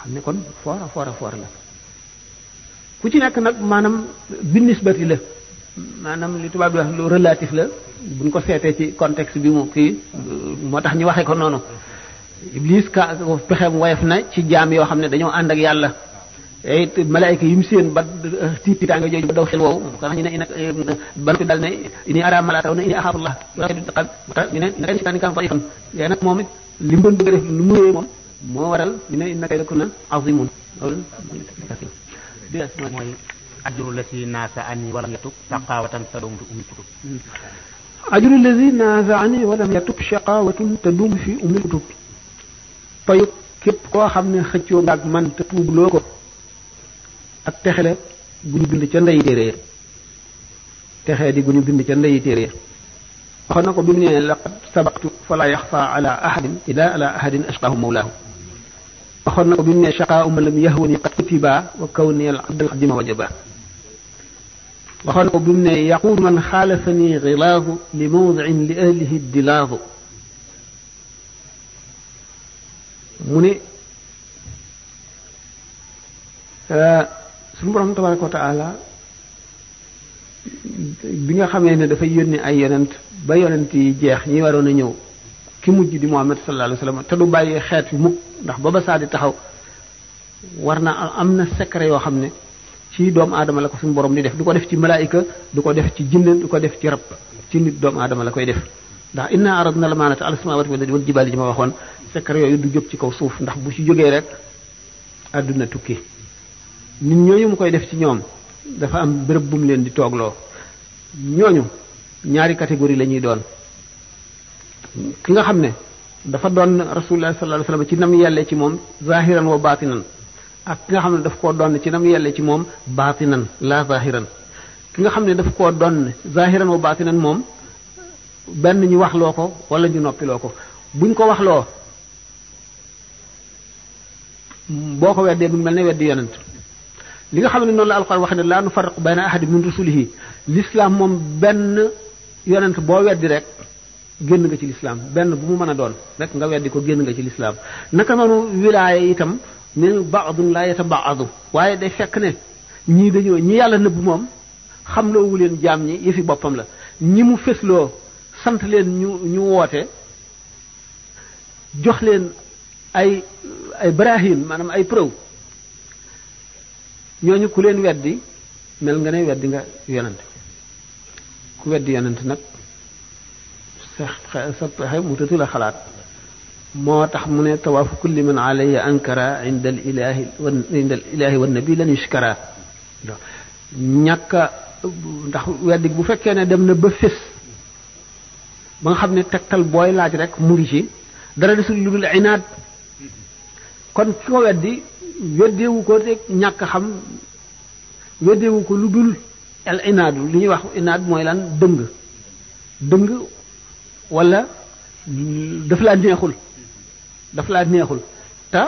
xam ne kon foora foora foora la ku ci nekk nag maanaam bi nisbati la maanaam li tubaab di wax lu relatif la buñ ko seetee ci context bi mu kii moo tax ñu waxee ko noonu Iblis ka pexeem woyof na ci jaam yoo xam ne dañoo ànd ak yàlla it eh, malaayka yi mu séen ba eh, jooju ba daw xel woowu xanaa ñu ne ina eh, ne ini ara malaata ne ini axaafullah ñu ne naka sitaani a nu mu moom moo waral ñu ne naka rek na azimun loolu mooy naasa ani walam yatub yatub saqaawatan te doom fi ummi kutub payub képp koo xam ne xëccoo ngaag man te tuubloo ko ak texe la gu ñu bind ca ndeyi téere texe di gu ñu bind ca ndeyi téere waxoon na ko bi mu nee laqad sabaqtu fala yaxfa ala ahadin ila ala ahadin ashqahu mawlaahu waxoon na ko bi mu nee shaqaa uma lam yahwani qad kutiba wa kawni al abdal xadima wajaba waxoon na ko bi mu nee yaqul man xaalafani xilaadu li mawdicin li ahlihi dilaadu mu ne suñu borom tabaraka wa taala bi nga xamee ne dafay yónni ay yonent ba yonent yi jeex ñi waroon a ñëw ki mujj di Muhammad sallallahu alayhi wasallam te du bàyyi xeet yu mukk ndax ba ba saa di taxaw war na am na secret yoo xam ne ci doomu aadama la ko suñu borom di def du ko def ci malaayika du ko def ci jinne du ko def ci rab ci nit doomu adama la koy def ndax inna aradna al-amaanata ala samaawaati wal jibaali ji ma waxoon secret yooyu du jóg ci kaw suuf ndax bu ci jógee rek àdduna tukki nit ñooñu mu koy def ci ñoom dafa am bërëb bu mu leen di toog loo ñooñu ñaari catégorie la ñuy doon ki nga xam ne dafa doon rasulullah sallallahu alayhi wasallam ci nam yelle ci moom zahiran wa batinan ak ki nga xam ne daf koo doon ci nam yelle ci moom batinan la zahiran ki nga xam ne daf koo doon zahiran wa batinan moom benn ñu wax loo ko wala ñu noppiloo ko buñ ko wax loo boo ko weddee mu mel ne weddi yonent li nga xam ne noonu la alquran wax ne laa nu farriqu bayna ahadin min rusulihi lislaam moom benn yonent boo weddi rek génn nga ci lislaam benn bu mu mën a doon rek nga weddi ko génn nga ci lislaam naka noonu wilaaya itam ne ñu baadun laa yata baadu waaye day fekk ne ñii dañoo ñi yàlla nëbb moom xam loowu leen jaam ñi yëfi boppam la ñi mu fësloo sant leen ñu ñu woote jox leen ay ay brahim maanaam ay preuve ñooñu ku leen weddi mel nga ne weddi nga yonent ku weddi yonent nag sa sa pexe mu tëtu la xalaat moo tax mu ne tawaafu kulli man alayya ankara inda al ilahi ndax weddi bu fekkee ne dem na ba fés ba nga xam ne tegtal booy laaj rek mu ngi ci dara desul lu dul inaad kon ki ko weddi weddeewu ko rek ñàkk xam weddeewu ko lu dul al inaadu li ñuy wax inaad mooy lan dëng dëng wala daf laa neexul daf laa neexul te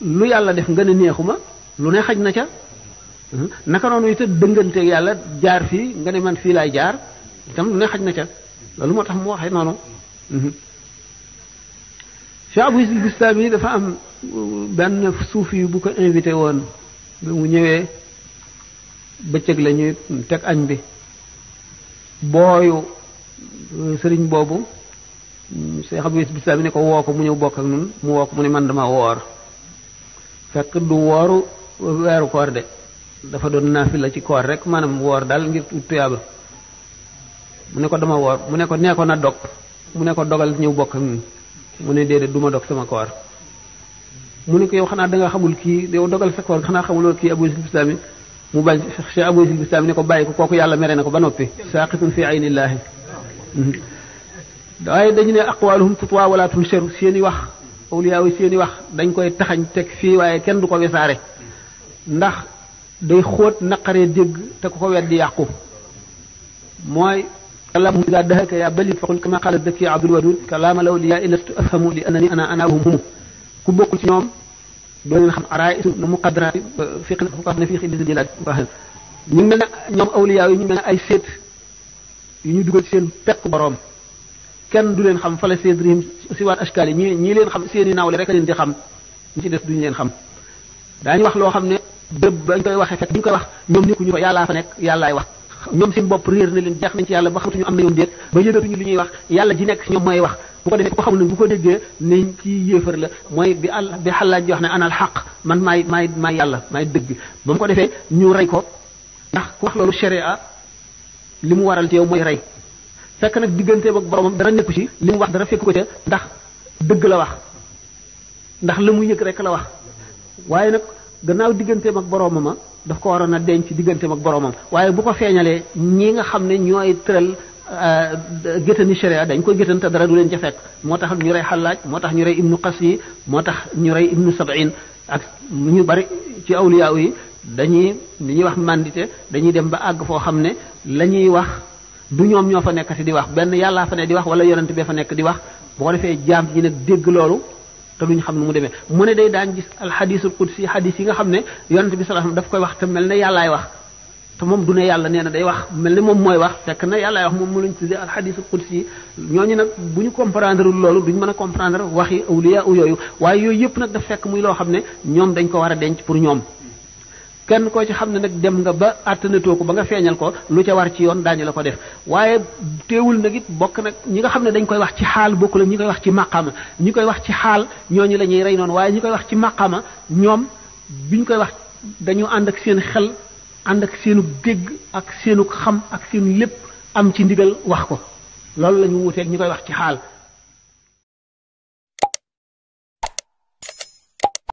lu yàlla def nga ne neexu ma lu ne xaj na ca naka noonu itam dëngante yàlla jaar fii nga ne man fii laay jaar itam lu ne xaj na ca loolu moo tax mu waxee noonu fi abou bistaami dafa am benn suuf yi bu ko invité woon bi mu ñëwee bëccëg la ñuy teg añ bi booyu euh, sëriñ boobu see xam wis bisaa bi ne ko woo ko mu ñëw bokk ak nun mu woo mu ne man dama woor fekk du wooru weeru koor de dafa doon naafi la ci koor rek maanaam woor daal ngir tuyaaba mu ne ko dama woor mu ne ko nee ko na dog mu ne ko dogal ñëw bokk ak nun mu ne déedéet duma dog sama koor mu ne ko yow xanaa da nga xamul kii yow dogal sa koor xanaa xamuloo kii Abu Yusuf mu bañ Cheikh Abu Yusuf Bistami ne ko bàyyi ko kooku yàlla mere na ko ba noppi saaqitun fi aynillaahi mm-hmm. waaye dañu ne aqwaaluhum tutwa wala tunshar seen i wax awliyaa yi i wax dañ koy taxañ teg fii waaye kenn du ko wesaare ndax day xóot naqaree dégg te ko ko weddi yàqu mooy kalaam daa dahaka yaa bali faqul kama qaala daki abdul wadud kalaam al awliyaa lastu afhamu li annani ana anaabuhum ku bokkul ci ñoom doo leen xam araay su na mu xadraati fiq na fuqaha na fiq indi seen jëlaat waaxel ñu mel ne ñoom awliyaa yi ñu mel ne ay seet yu ñu dugal ci seen pekk boroom kenn du leen xam fala seen rim si waat ashkaal yi ñi ñii leen xam seeni naawle rek leen di xam ñi ci des duñu leen xam daa daañu wax loo xam ne bépp bañ koy waxee fekk ñu koy wax ñoom nekkuñu fa yàllaa fa nekk yàllaay wax ñoom seen bopp réer na leen jeex nañ ci yàlla ba xamatuñu am na yoon déet ba yëgatuñu li ñuy wax yàlla ji nekk si ñoom mooy wax bu ko defee ko xamul ne bu ko déggee nañ ci yéefar la mooy bi àll bi xalaat ji ne anal xaq man maay maay maay yàlla maay dëgg ba ko defee ñu rey ko ndax ku wax loolu sharia li mu waral ci mooy rey fekk nag diggante ak boromam dara nekku ci li mu wax dara fekk ko ca ndax dëgg la wax ndax li mu yëg rek la wax waaye nag gannaaw digganteem ak boromam daf ko waroon a denc digganteem ak boroomam waaye bu ko feeñalee ñi nga xam ne ñooy tëral euh, géttani sharia dañ koy géttan te dara du leen ca fekk moo tax ñu rey xalaaj moo tax ñu rey ibnu qas yi moo tax ñu rey ibnu sabin ak ñu bari ci awliyaaw yi dañuy li ñuy wax mandité dañuy dem ba àgg foo xam ne lañuy wax du ñoom ñoo fa nekkati di wax benn yàllaa fa ne di wax wala yonent bee fa nekk di wax boo ko defee jaam ñi ne dégg loolu te ñu xam ne mu demee mu ne day daan gis alxadisul qudsi xadis yi nga xam ne yonent bi sallallahu alayhi daf koy wax te mel ne yàllaay wax te moom du ne yàlla nee na day wax mel ne moom mooy wax fekk na yàllaay wax moom mu lañ tuddee alxadisul qudsi ñooñu nag bu ñu comprendre loolu duñ mën a comprendre waxi awliya u yooyu waaye yooyu yëpp nag daf fekk muy loo xam ne ñoom dañ ko war a denc pour ñoom kenn koo ci xam ne nag dem nga ba àttanatoo ko ba nga feeñal ko lu ca war ci yoon daañu la ko def waaye teewul nag it bokk nag ñi nga xam ne dañ koy wax ci xaal bokku la ñi koy wax ci màqaama ñi koy wax ci xaal ñooñu la ñuy rey noonu waaye ñi koy wax ci màqaama ñoom bi ñu koy wax dañu ànd ak seen xel ànd ak seenu dégg ak seenu xam ak seenu lépp am ci ndigal wax ko loolu la ñu ñi koy wax ci xaal